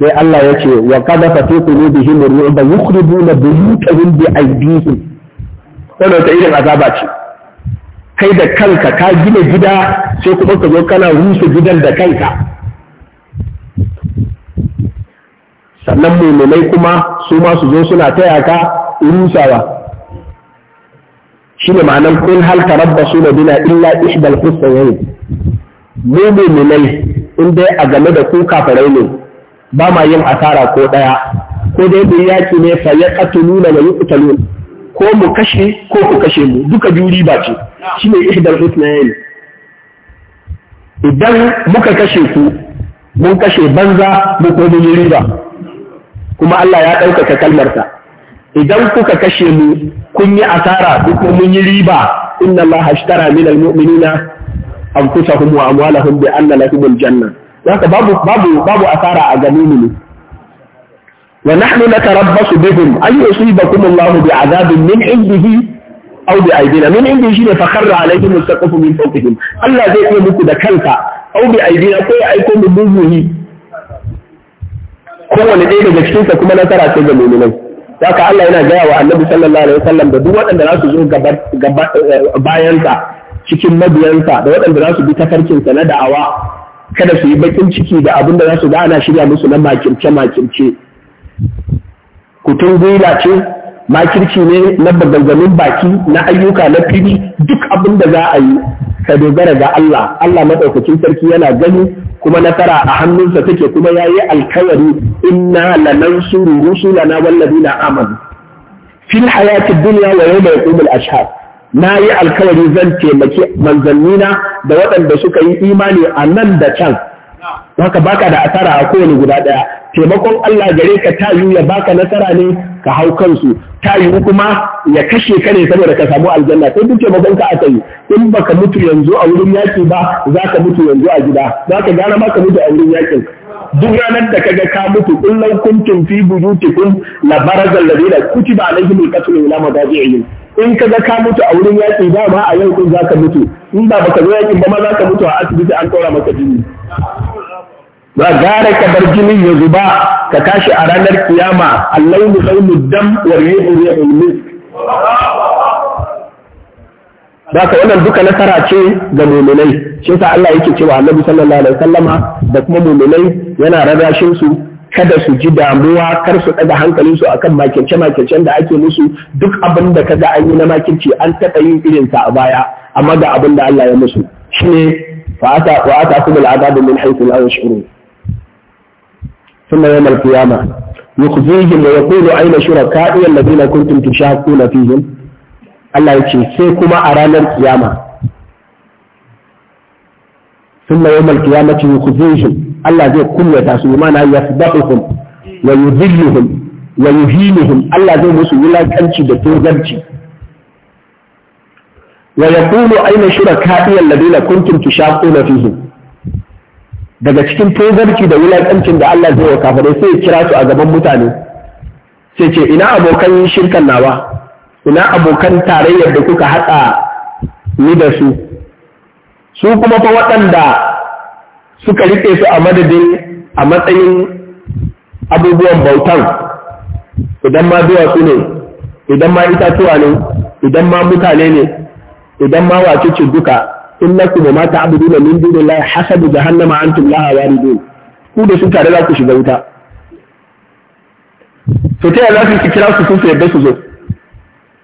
sai Allah ya ce wa kada fa fi qulubihim ru'ba yukhribuna buyutahum bi aydihim sai ta irin azaba ce kai da kanka ka gina gida sai kuma ka zo kana rusa gidan da kanka sannan mai-mai kuma su ma su zo suna taya ka rusawa shi ne ma'anar kun hal su da dina illa ihdal husayn mu mai in dai a game da ku kafirai ne ba ma yin asara ko ɗaya ko dai mu yaki ne fa ya qatulu la yuqtalu ko mu kashe ko ku kashe mu duka juri ba ce shine ihdal husnayn idan muka kashe ku mun kashe banza mu ko mun riba kuma Allah ya ɗaukaka kalmarsa idan kuka kashe mu kun yi asara ko mun yi riba inna Allah ashtara min al-muminina, almu'minina anfusahum wa amwalahum bi anna lahumul janna لذلك بابو بابو بابو أثار أجمعيني ونحن نتربص بهم أن يصيبكم الله بعذاب من عنده أو بأيدينا من عنده شيء فخر عليهم السقف من فوقهم ألا ذي أمك ذكلت أو بأيدينا كي أيكم من بوهه كو لديه جكسوك كما نترى تجمعيني لذلك الله هنا جاء النبي صلى الله عليه وسلم بدوة أن لا تزور باينتا شكي مبينتا بدوة أن لا تزور تفرشنسا ندعوا kada su yi bakin ciki da abin da za su ga ana shirya musu na makirce makirce kutun gwiwa ce makirci ne na baganganun baki na ayyuka na fili duk abin da za a yi ka dogara ga Allah Allah maɗaukacin sarki yana gani kuma nasara a hannunsa take kuma ya yi alkawari inna lanansuru rusulana na amanu fil hayatid dunya wa yawma yaqumul ashhad na yi alkawari zan taimaki manzannina da waɗanda suka yi imani a nan da can haka baka da asara a kowane guda ɗaya taimakon Allah gare ka ta yi ya baka nasara ne ka hau kansu ta yi kuma ya kashe ka ne saboda ka samu aljanna sai duk taimakon ka aka yi in baka mutu yanzu a wurin yaki ba za ka mutu yanzu a gida za ka gana ma ka mutu a wurin yakin duk ranar da ka ga ka mutu kullum kuntum fi buyutikum la barazal ladina kutiba alaihimul qatl ila yi. in ka ga ka mutu a wurin yaƙi ba ma a yau kun za ka mutu in ba baka zo yaƙin ba ma za ka mutu a asibiti an kora maka jini ba gara ka bar jinin ya zuba ka tashi a ranar kiyama mu zai mu dam wa rihu rihul misk ba ka wannan duka nasara ce ga muminai shi sa Allah yake cewa Annabi sallallahu alaihi wasallama da kuma muminai yana rarrashin su kada su ji damuwa kar su daga hankalin su akan makirce makircen da ake musu duk abin da kaga an yi na makirci an taɓa yin irin sa a baya amma ga abin da Allah ya musu shine fa ata wa ata kubul adab min haythu la yashurun thumma yawm al-qiyamah yukhzihim wa yaqulu ayna shuraka'i alladhina kuntum tushakkuna fihim Allah ya ce sai kuma a ranar kiyama ثم يوم القيامة يخزيهم الله زي كل يتاسو مانا يفضحهم ويذلهم ويهينهم الله زي مسو ولا كنشي بتوزرشي ويقول أين شركائي الذين كنتم تشاقون فيهم daga cikin tozarci da wulaƙancin da Allah zai wa kafirai sai ya kira su a gaban mutane sai ce ina abokan shirkan nawa ina abokan tarayyar da kuka haɗa ni da su su kuma fa waɗanda suka riƙe su a madadin a matsayin abubuwan bautan idan ma duwatsu ne idan ma itatuwa ne idan ma mutane ne idan ma wace duka in na mata ma ta'buduna min dunillahi hasabu jahannama antum laha waridun ku da su tare za ku shiga wuta to ta za su kira su sun su yadda su zo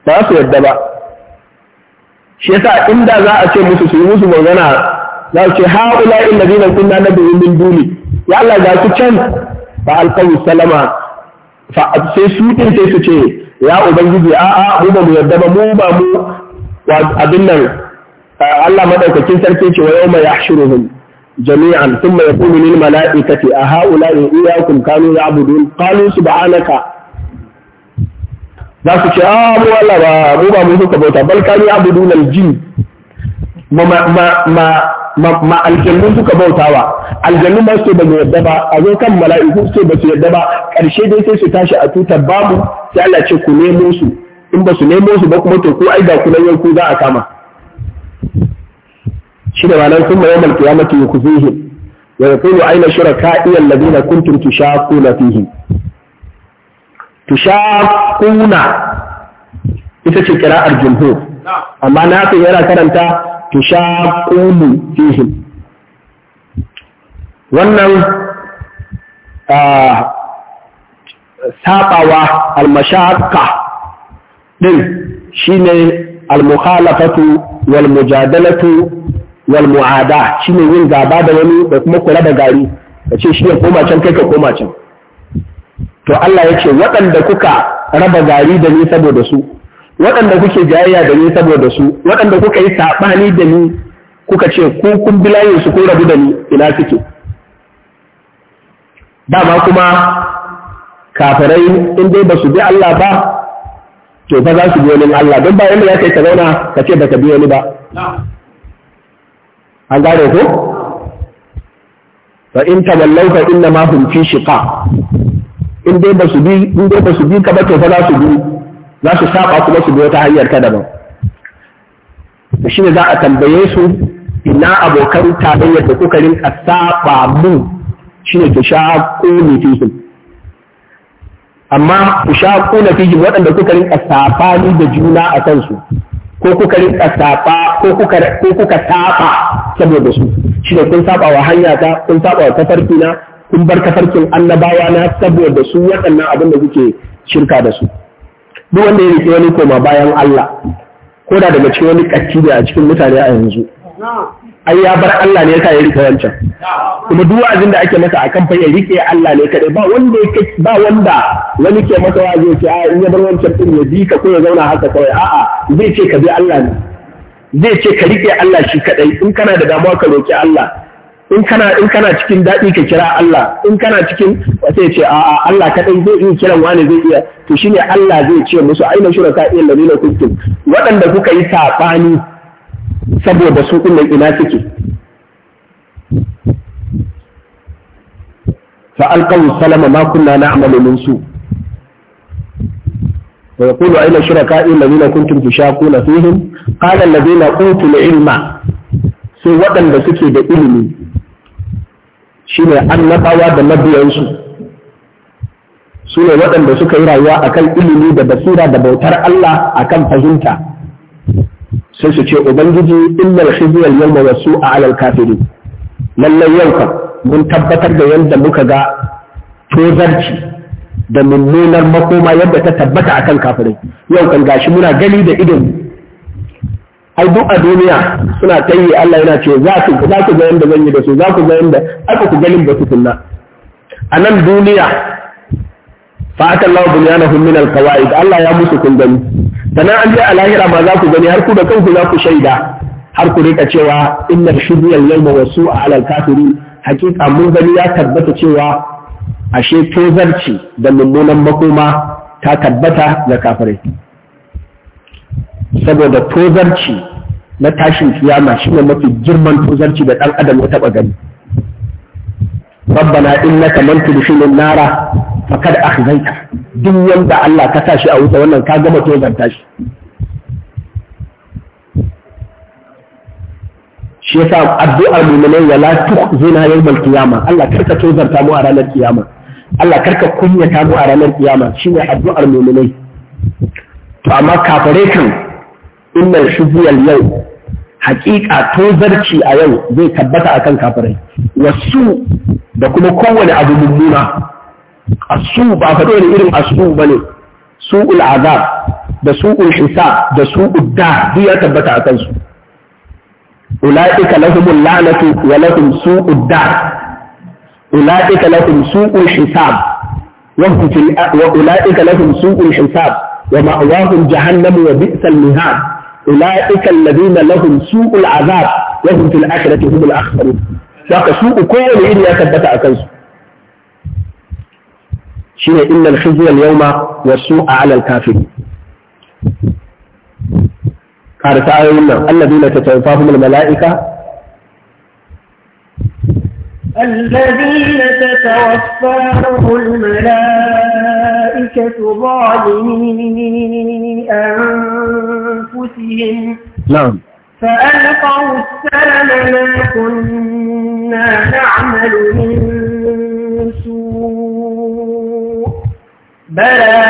ba su yadda ba shi yasa inda za a ce musu su yi musu magana za su ce ha'ula in ladina kunna nadu min duni ya Allah ga su can fa alqaw salama fa sai su din sai su ce ya ubangiji a a mu ba mu yarda ba mu ba mu abin nan Allah madaukakin sarki ce wa yawma yahshuruhum jami'an thumma yaqulu lil mala'ikati a ha'ula in iyyakum kanu ya'budun qalu subhanaka za su ce ah mu Allah ba mu ba mu suka bauta bal kani abudun aljin ma ma ma ma aljannu suka bautawa aljannu ma ba su yadda ba a zo kan mala'iku su ba su yadda ba karshe dai sai su tashi a tutar babu sai Allah ce ku nemo su in ba su nemo su ba kuma to ku ai da ku nan yanku za a kama shi da ranar sun mayar malkiyamati yukuzihi wa yaqulu aina shuraka'i alladhina kuntum tushaquna fihim tushakuna ita ce kira arjinho amma na fi yana karanta tushakunu fihi wannan saɓawa almashaka ɗin shine almukhalafatu walmujadalatu, walmu'ada shine yin gaba da wani da kuma kula da gari ce shi ya koma can kai ka koma can to Allah ya ce waɗanda kuka raba gari da ni saboda su waɗanda kuke jayayya da ni saboda su waɗanda kuka yi saɓani da ni kuka ce ku kun bi su ko rabu da ni ina suke dama kuma kafirai in dai ba su bi Allah ba to fa za su bi wani Allah don ba yanda ya kai ka zauna ka ce ba ka bi wani ba an gane ko fa in tawallau fa inna ma hum fi in dai ba su bi in dai ba su bi ka to fa za su bi za su saba kuma su bi wata hanyar ta daban to shine za a tambaye su ina abokan tarayyar da kuka rinka saba mu shine ku sha kuni fihim amma ku sha na fihim waɗanda kuka rinka sabani da juna a kansu ko kuka rinka saba ko kuka ko kuka saba saboda su shine kun saba wa hanya ta kun saba wa tafarki na kun bar tafarkin annabawa na saboda su waɗannan abin da kuke shirka da su duk wanda ya rike wani koma bayan Allah ko da daga cikin wani kacci da a cikin mutane a yanzu ai ya bar Allah ne yasa ya rike wancan kuma duk wa'azin da ake masa akan fa ya rike Allah ne kadai ba wanda ba wanda wani ke masa wa'azi ce a in ya bar wancan din ya bi ka ko ya zauna haka kawai a'a zai ce ka bi Allah ne zai ce ka rike Allah shi kadai in kana da damuwa ka roki Allah in kana in kana cikin daɗi ka kira Allah in kana cikin sai ce a'a Allah kaɗai zai iya kiran wani zai iya to shine Allah zai ce musu aina shuraka iya ladina kuntum waɗanda kuka yi saɓani saboda su din nan ina suke fa alqaw salama ma kunna na'malu min su wa yaqulu aina shuraka iya ladina kuntum tushakuna fihim qala alladhina utul ilma sai waɗanda suke da ilimi Shi shine annabawa da mabiyansu su ne waɗanda suka yi rayuwa akan ilimi da basira da bautar Allah akan fahimta sai su ce ubangiji illal khizyal yawma wasu a alal kafiri lallai yau ka mun tabbatar da yadda muka ga tozarci da mummunar makoma yadda ta tabbata akan kafirai yau kan gashi muna gani da idon ai duk a duniya suna ta yi Allah yana ce za ku za ku ga yanda zan yi da su za ku ga yanda aka ku galin ba su kunna a nan duniya fa aka Allah bunyanahum min al-qawaid Allah ya musu kun gani sannan an je a lahira ma za ku gani har ku da kanku za ku shaida har ku rika cewa innal shubiyal yawma wasu ala al-kafiri hakika mun gani ya tabbata cewa ashe tozarci da mummunan makoma ta tabbata ga kafirai saboda tozarci na tashin kiyama shi ne mafi girman tozarci da ɗan adam ya taɓa gani rabbana na man tudkhilun nara faqad akhzaita duk wanda Allah ka tashi a wuta wannan ka gama tozarta shi shi yasa addu'ar mu'minai ya la tukhzina yawmal qiyamah Allah karka tozarta mu a ranar kiyama Allah karka kunyata mu a ranar kiyama shine addu'ar mu'minai to amma kafare kan inna shubiyal yau hakika tozarci a yau zai tabbata akan kafirai wasu da kuma kowane abu mummuna asu ba faɗo wani irin asu ba ne su'ul azab da su'ul hisa da su'ul da duk ya tabbata a kansu ula'ika lahumul la'natu wa lahum su'ud dar ula'ika lahum su'ul hisab wa hum fil wa ula'ika lahum su'ul hisab wa ma'wahum jahannam wa bi'sal mihad ulaika alladhina lahum su'ul azab wa hum fil akhirati humul akhsarun saka su kowane iri ya tabbata a kansu shine innal khizya al-yawma wa su'a 'ala al-kafirin karta ayoyin nan alladhina tatawafahum al-mala'ika الذين تتوفاهم الملائكة ظالمي أنفسهم نعم فألقوا السلم ما كنا نعمل من سوء بلى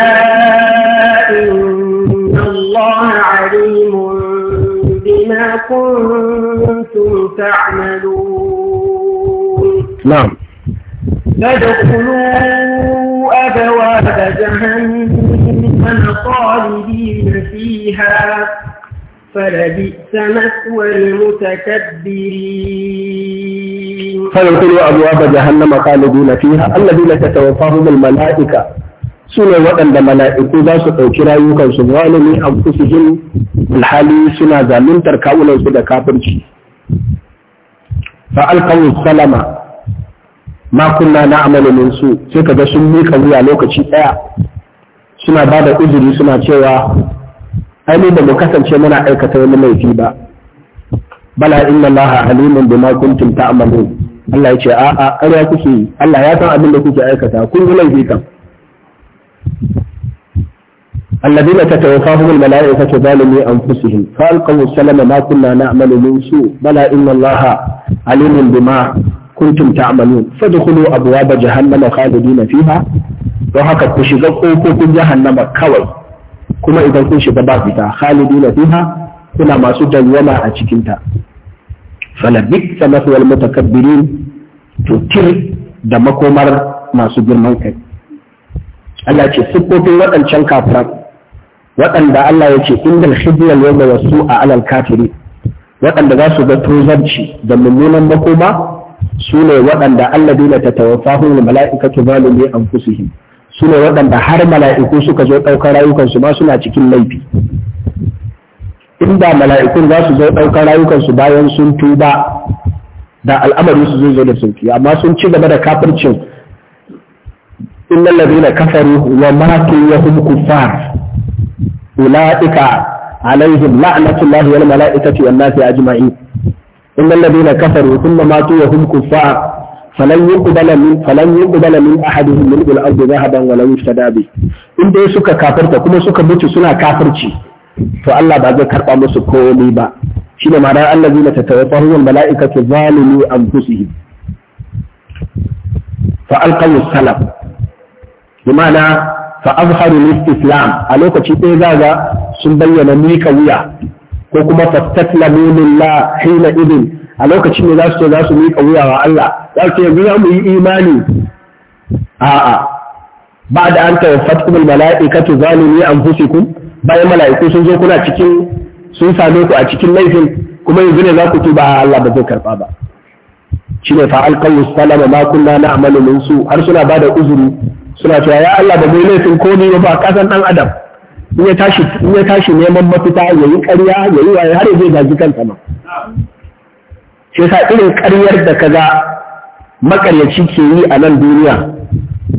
إن الله عليم بما كنتم تعملون نعم فادخلوا أبواب جهنم خالدين فيها فلبئس مثوى المتكبرين فادخلوا أبواب جهنم خالدين فيها الذين تتوفاهم الملائكة sune waɗanda mala'iku za su ɗauki rayukansu zalimi an kusurin alhali suna zalintar kawunansu da kafirci fa alkawun salama ma kunna na amala min su sai kaga sun mika wuya lokaci daya suna ba da uzuri suna cewa ai da mu kasance muna aikata wani laifi ba bala inna allaha alimun bima kuntum ta'malun Allah ya ce a'a ƙarya kuke Allah ya san abin da kuke aikata kun yi laifi kan الذين تتوفاهم الملائكة ظالمي أنفسهم فألقوا السلام ما كنا نعمل من سوء بلى إن الله عليم بما kuntum ta'malun fadkhulu abwaaba jahannama khalidina fiha don haka ku shiga kofofin jahannama kawai kuma idan kun shiga ba fita khalidina fiha kuna masu dawwama a cikin ta falabik samathwal mutakabbirin Tutir, da makomar masu girman kai Allah ce siffofin waɗancan kafiran waɗanda Allah ya ce indal khizyal yawma wasu a alal kafiri waɗanda za su ga tozarci da mummunan makoma su ne waɗanda Allah dole ta tawaffahun mala'ikatu zalimi anfusihim su ne waɗanda har mala'iku suka zo ɗaukar rayukansu ma suna cikin laifi inda mala'ikun za su zo ɗaukar rayukansu bayan sun tuba da al'amari su zo da sauki amma sun ci gaba da kafircin inna ladina kafaru wa matu wa hum kuffar ulaika alaihim la'natullahi wal mala'ikati wan nasi ajma'in إن الذين كفروا ثم ماتوا وهم كفار فلن يقبل من فلن يقبل من أحدهم ملء الأرض ذهبا ولو افتدى به إن دي سكا كافرتا كما سكا بوتي سنا كافرتي فالله بعد كربا مسو كومي با شنو معنى الذين تتوفاهم الملائكة ظالمي أنفسهم فألقوا السلام بمعنى فأظهروا الاستسلام ألوكا تشيبي زازا سنبين ميكا ويا ko kuma fastaklamu lillah hina idin a lokacin ne za su ce za su miƙa wuya wa Allah za yanzu za mu yi imani a'a ba da an tawaffatkumul mala'ikatu zalimi anfusikum bayan mala'iku sun zo kuna cikin sun same ku a cikin laifin kuma yanzu ne za ku tuba Allah ba zai karba ba shine fa alqawu salama ma kunna na'malu min su har suna bada uzuri suna cewa ya Allah ba mu laifin ko ni ba kasan dan adam in ya tashi in ya tashi neman mafita ya yi ƙarya ya yi waye har zai gaji kanta ma shi yasa irin ƙaryar da kaga makaryaci ke yi a nan duniya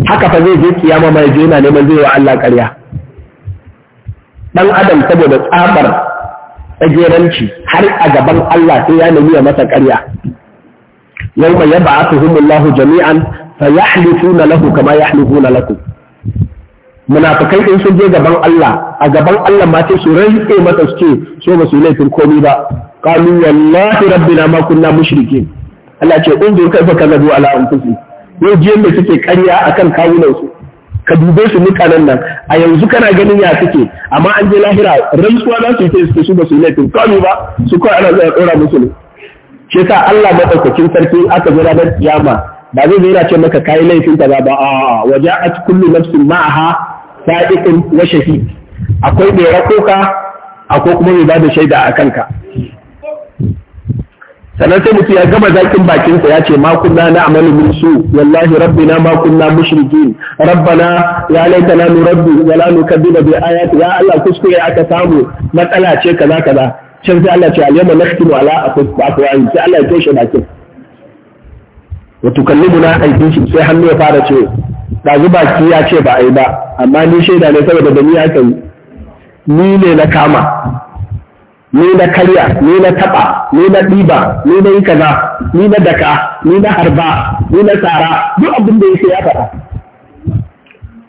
haka fa zai je kiyama mai je yana neman zai wa Allah ƙarya dan adam saboda tsabar tsageranci har a gaban Allah sai ya nemi ya masa ƙarya a tuhumullahu jami'an fayahlifuna lahu kama yahlifuna lakum munafikai din sun je gaban Allah a gaban Allah ma sai su rantse masa su ce so ba su laifin komai ba qalu wallahi rabbina ma kunna mushrikin Allah ce unzur kaifa kazabu ala anfusi yau jiyan da suke karya akan kawunan su ka dube su mutanen nan a yanzu kana ganin ya suke amma an je lahira rantsuwa za su yi su ba su laifin kawai ba su kawai ana zai tsora musu ne shi yasa Allah madaukakin sarki aka zo ranar kiyama ba zai zai ce maka kayi laifin ta ba a waje a kullu nafsin ma'aha sadiqin wa shahid akwai mai rakoka akwai kuma mai bada shaida a kanka sannan sai mutum ya gama zakin bakinsa ya ce ma kunna na amalu min su wallahi rabbina ma kunna mushrikin rabbana ya na nu rabbi wa nu nukadiba bi ayati ya Allah kuskure aka samu matsala ce kaza kaza can sai Allah ce al yawma nakhtimu ala afwahihim sai Allah ya toshe bakin wa tukallimuna aydihim sai hannu ya fara ce ɗazu baki ya ce ba a yi ba amma ni shaida ne saboda da ni ya kai ni ne na kama ni na karya ni na taɓa ni na ɗiba ni na yi kaza ni na daka ni na harba ni na tsara duk abin da yake ya faɗa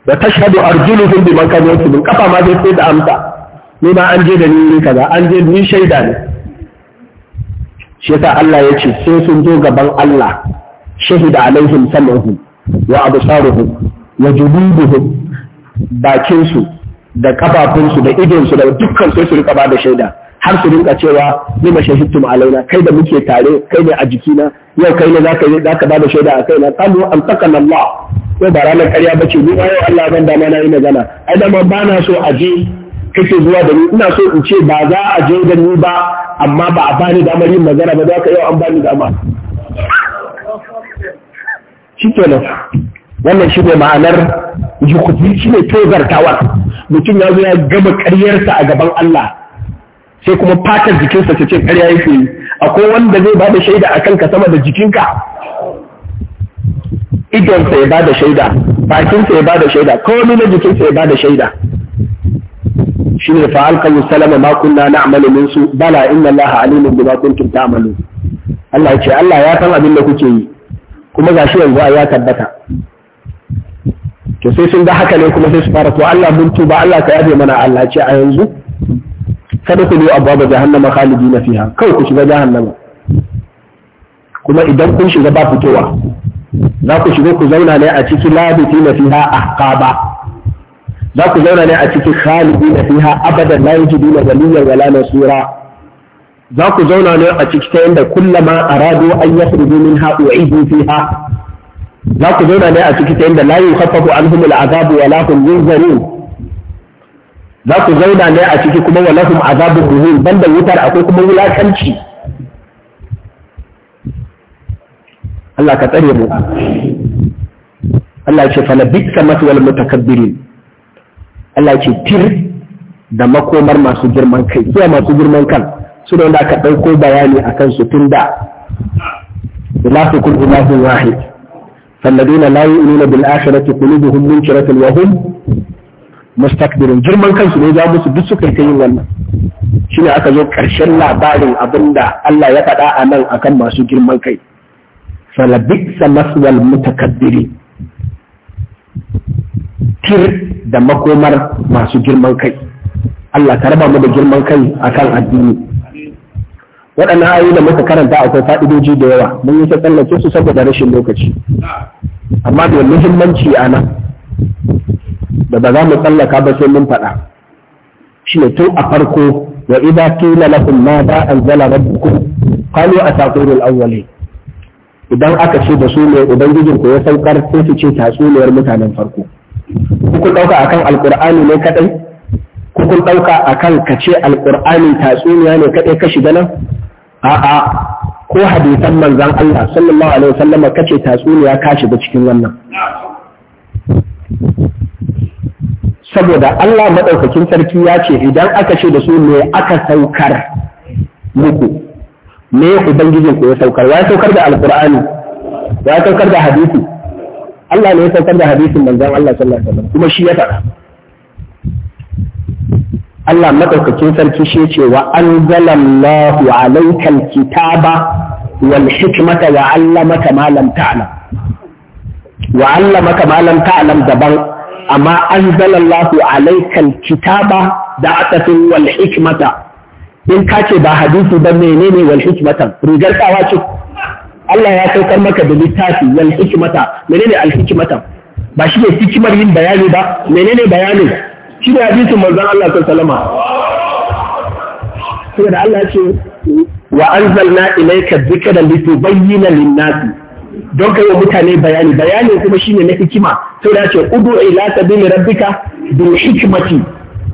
da tashhadu arjuluhum bi makanatihim kafa ma sai da amsa ni ma an je da ni kaza an je ni shaida ne shi Allah ya ce sai sun zo gaban Allah shahida alaihim alaihi wa absaruhum wa juluduhum bakin su da kafafun da idonsu da dukkan sai su rika ba da shaida har su rinka cewa ni ma shahidtum alaina kai da muke tare kai ne a jikina yau kai ne zaka zaka ba da shaida a kaina qalu antaqana Allah ko ba ranar ƙarya bace ni yau Allah ban da na yi magana ai da ma bana so a je kake zuwa da ni ina so in ce ba za a je da ni ba amma ba a bani damar yin magana ba za ka yau an bani dama shi nan wannan shi ne ma'anar yukuti shi ne tozartawar mutum ya zo ya gama karyarsa a gaban Allah sai kuma fatar jikinsa ta ce karya yake yi akwai wanda zai bada shaida akan ka sama da jikinka idonsa ya bada shaida bakinsa ya bada shaida komai na jikinsa ya bada shaida shi ne fa yi salama ma na na'malu min su bala inna allaha alimun bima kuntum amalu. Allah ya ce Allah ya san abin da kuke yi kuma ga shi yanzu a ya tabbata to sai sun ga haka ne kuma sai su fara to Allah mun tuba Allah ka yafe mana Allah ce a yanzu kada ku yi abwaba jahannama khalidina fiha kawai ku shiga jahannama kuma idan kun shiga ba fitowa za ku shiga ku zauna ne a ciki cikin labitina fiha ahqaba za ku zauna ne a ciki cikin na fiha abadan la yajiduna waliyan wala nasira za ku zauna ne a ciki ta yadda kullama rado an yakhruju minha fi fiha za ku zauna ne a ciki ta yadda la yukhaffafu anhum azabu wa la yin yunzarun za ku zauna ne a ciki kuma wa lahum azabu ban banda wutar akwai kuma wulakanci Allah ka tsare mu Allah Fana ce fala bikka matwal mutakabbirin Allah ce tir da makomar masu girman kai zuwa masu girman kan su ne wanda aka ɗauko bayani a su tun da ilahukun ilahun wahid فالذين لا يؤمنون بالآخرة قلوبهم منكرة وهم mustakbirin girman kansu ne ja musu duk suka ta yin wannan shi ne aka zo ƙarshen labarin abin da Allah ya faɗa a nan akan masu girman kai salabik samaswal mutakabbiri tir da makomar masu girman kai Allah ta raba mu da girman kai akan addini waɗannan ayoyi da muka karanta akwai fa'idoji da yawa mun yi ta tsallake su saboda rashin lokaci amma da muhimmanci a nan da ba za mu tsallaka ba sai mun faɗa shi ne tun a farko wa idza qila lahum ma za anzala rabbukum qalu asatirul awwalin idan aka ce da su ne ubangijin ku ya saukar sai su ce tatsuniyar mutanen farko kun ɗauka akan alqur'ani ne kadai kun ɗauka akan kace alqur'ani tatsuniya ne kadai ka shiga nan a'a ko hadisan manzan Allah sallallahu alaihi wasallam kace tatsuniya ka shiga cikin wannan saboda Allah madaukakin sarki ya ce idan aka ce da su me aka saukar muku me ubangijin ku ya saukar ya saukar da alqur'ani ya saukar da hadisi Allah ne ya saukar da hadisin manzan Allah sallallahu alaihi wasallam kuma shi ya faɗa Allah madaukakin sarki shi ce wa anzalallahu alaikal kitaba wal hikmata wa allamaka ma lam ta'lam wa allamaka ma lam ta'lam daban amma anzalallahu alaikal kitaba da akasin wal hikmata in ka ce ba hadisi ba menene wal hikmata rigar tsawa ce Allah ya saukar maka da littafi wal hikmata menene al hikmata ba shi ne hikimar yin bayani ba menene bayanin shi da hadisin manzon Allah ta salama saboda Allah ce wa anzalna ilayka dhikra litubayyana lin-nasi don kai wa mutane bayani bayani kuma shi ne na hikima saboda ce udu ila sabili rabbika bil hikmati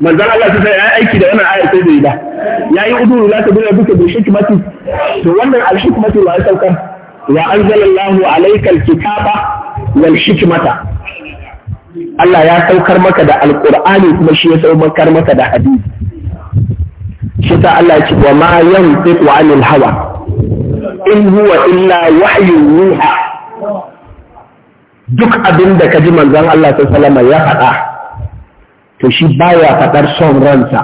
manzon Allah ta sai aiki da wannan ayar sai da ila yi udu ila sabili rabbika bil hikmati to wannan al-hikmati wa saukar wa anzalallahu alayka al-kitaba wal hikmata Allah ya saukar maka da alƙur'ani kuma shi ya saukar maka da hadisi shi ta Allah ce wa ma yantiqu anil hawa in huwa illa wahyu yuha duk abin da ji manzon Allah sallallahu ya faɗa to shi baya faɗar son ransa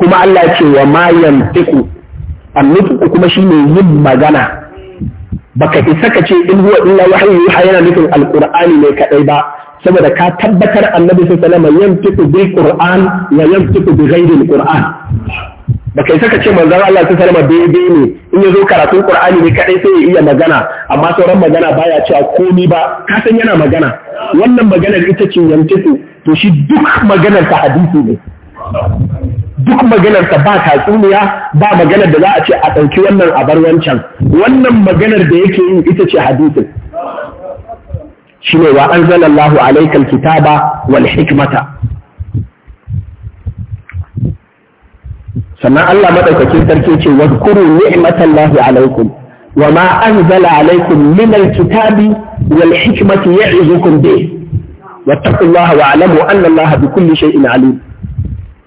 kuma Allah ce wa ma yantiqu annutuku kuma shi ne yin magana baka isa ka ce in huwa illa wahyu yuha yana nufin alƙur'ani ne kadai ba saboda ka tabbatar annabi sallallahu salama wasallam yantiqu bil qur'an wa yantiqu bi ghairi qur'an ba kai saka ce manzo Allah ta salama ne in ya zo karatun Qur'ani ne kadai sai ya iya magana amma sauran magana baya cewa komi ba ka san yana magana wannan maganar ita ce yantiku to shi duk maganar ta hadisi ne duk maganar ta ba tatsuniya ba maganar da za a ce a ɗauki wannan a bar wancan wannan maganar da yake yin ita ce hadisin shine wa anzalallahu alaykal kitaba wal hikmata sannan Allah madaukakin sarki ce wadkuru ni'matallahi alaikum wa ma anzala alaikum min alkitabi wal hikmati ya'izukum bih wattaqullaha wa'lamu anna Allaha bikulli shay'in alim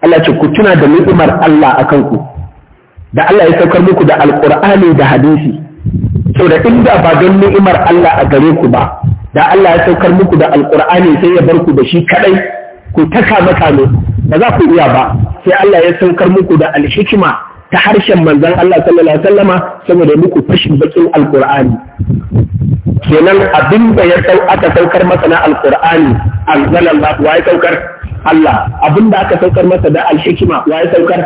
Allah ce ku tuna da ni'imar Allah akan ku da Allah ya saukar muku da alqur'ani da hadisi saboda inda ba don ni'imar Allah a gare ku ba da Allah ya saukar muku da alkur'ani sai ya bar ku da shi kaɗai, ku ta kame ba za ku iya ba sai Allah ya saukar muku da alhikima ta harshen manzon Allah sallallahu alaihi wasallama saboda muku fashin bakin Alƙur'ani. kenan abin da ya sau aka saukar masa na Alƙur'ani, anzalallahu wa ya saukar Allah abin da aka saukar masa da alhikima wa ya saukar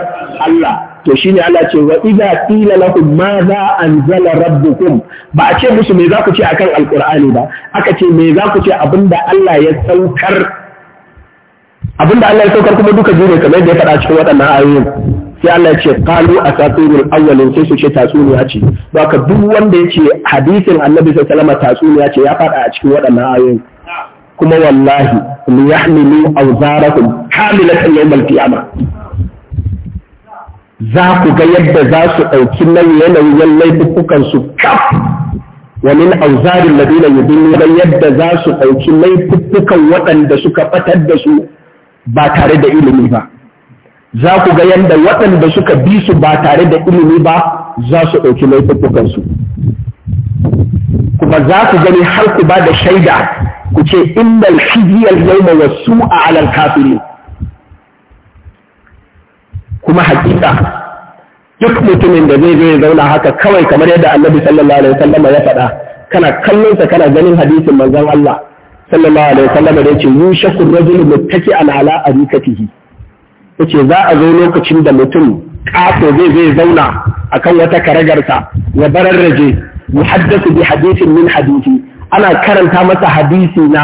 Allah to shi ne Allah ce wa idza qila lahum ma za anzala rabbukum ba a ce musu me za ku ce akan alqur'ani ba aka ce me za ku ce abinda Allah ya saukar abinda Allah ya saukar kuma duka jure kamar da ya faɗa cikin waɗannan ayoyin sai Allah ya ce qalu asatirul awwalin sai su ce tatsuniya ce ba ka duk wanda ya ce hadisin Annabi sallallahu alaihi wasallam tatsuniya ce ya faɗa a cikin waɗannan ayoyin kuma wallahi liyahmilu awzarakum hamilatan yawmal qiyamah za ku ga yadda za su ɗauki nan yanayin laifukan su kaf wa min auzarin ladina yudilluna yadda za su ɗauki laifukan waɗanda suka batar da su ba tare da ilimi ba za ku ga yadda waɗanda suka bi su ba tare da ilimi ba za su ɗauki laifukan su kuma za ku gani har ku ba da shaida ku ce innal khizyal yawma wasu 'ala al-kafirin kuma hakika duk mutumin da zai zo ya zauna haka kawai kamar yadda annabi sallallahu alaihi wasallam ya faɗa kana kallon sa kana ganin hadisin manzon Allah sallallahu alaihi wasallam da yace yushaku rajulu muttaki'an ala arikatihi yace za a zo lokacin da mutum kato zai zai zauna akan wata karagarsa ya bararraje muhaddathu bi hadithin min hadisi ana karanta masa hadisi na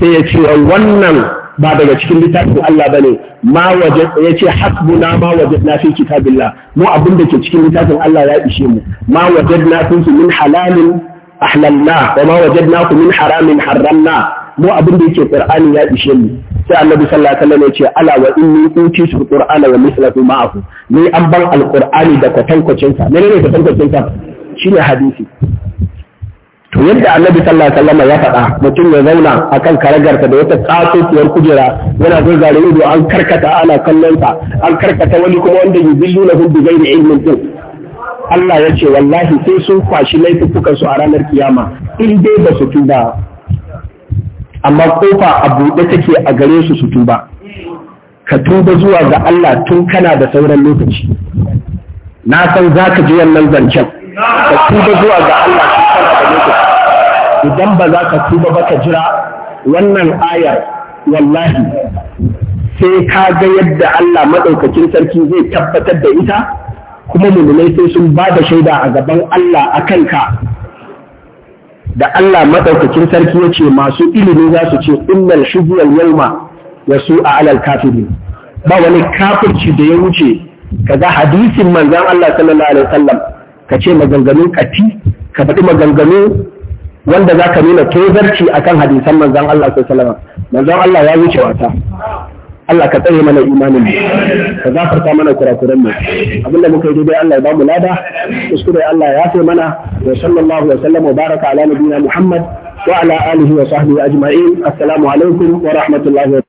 sai ya ce wannan ba daga cikin littafin Allah bane ma waje yace hasbuna ma wajadna fi kitabillah mu abin da ke cikin littafin Allah ya ishe mu ma wajadna fi min halalin ahlalna wa ma wajadna min haramin harramna mu abin da yake qur'ani ya ishe mu sai annabi sallallahu alaihi wasallam ya ce ala wa inni utitu qur'ana wa mislahu ma'ahu ni an ban alqur'ani da kwatankwacin sa menene kwatankwacin sa shine hadisi to yadda annabi sallallahu alaihi wasallam ya faɗa mutum ya zauna akan karagarsa da wata tsatsotsiyar kujera yana zare, ido an karkata ana kallon sa an karkata wani kuma wanda yuzilluna na bi ghairi ilmin din Allah ya ce wallahi sai sun kwashi laifukan su a ranar kiyama in dai ba su tuba amma kofa a buɗe take a gare su su tuba ka tuba zuwa ga Allah tun kana da sauran lokaci na san zaka ji wannan zancen ka tuba zuwa ga Allah idan ba za ka tuba ba ka jira wannan ayar wallahi sai ka ga yadda Allah maɗaukakin sarki zai tabbatar da ita kuma mulmai sai sun ba da shaida a gaban Allah a kanka da Allah maɗaukakin sarki ya ce masu ilimi za su ce innal shugiyar yalma ya su a alal kafiri ba wani kafirci da ya wuce ka ga hadisin manzan Allah sallallahu alaihi wasallam ka ce maganganun kati ka faɗi maganganu wanda za ka nuna tozarci a kan hadisan manzan Allah sallallahu manzan Allah ya wuce wata Allah ka tsare mana imanin mu ka zafarta mana kurakuran mu abinda muka yi daidai Allah ya bamu lada kuskure Allah ya yafe mana wa sallallahu wa sallam wa baraka ala nabiyina Muhammad wa ala alihi wa sahbihi ajma'in assalamu alaikum wa rahmatullahi wa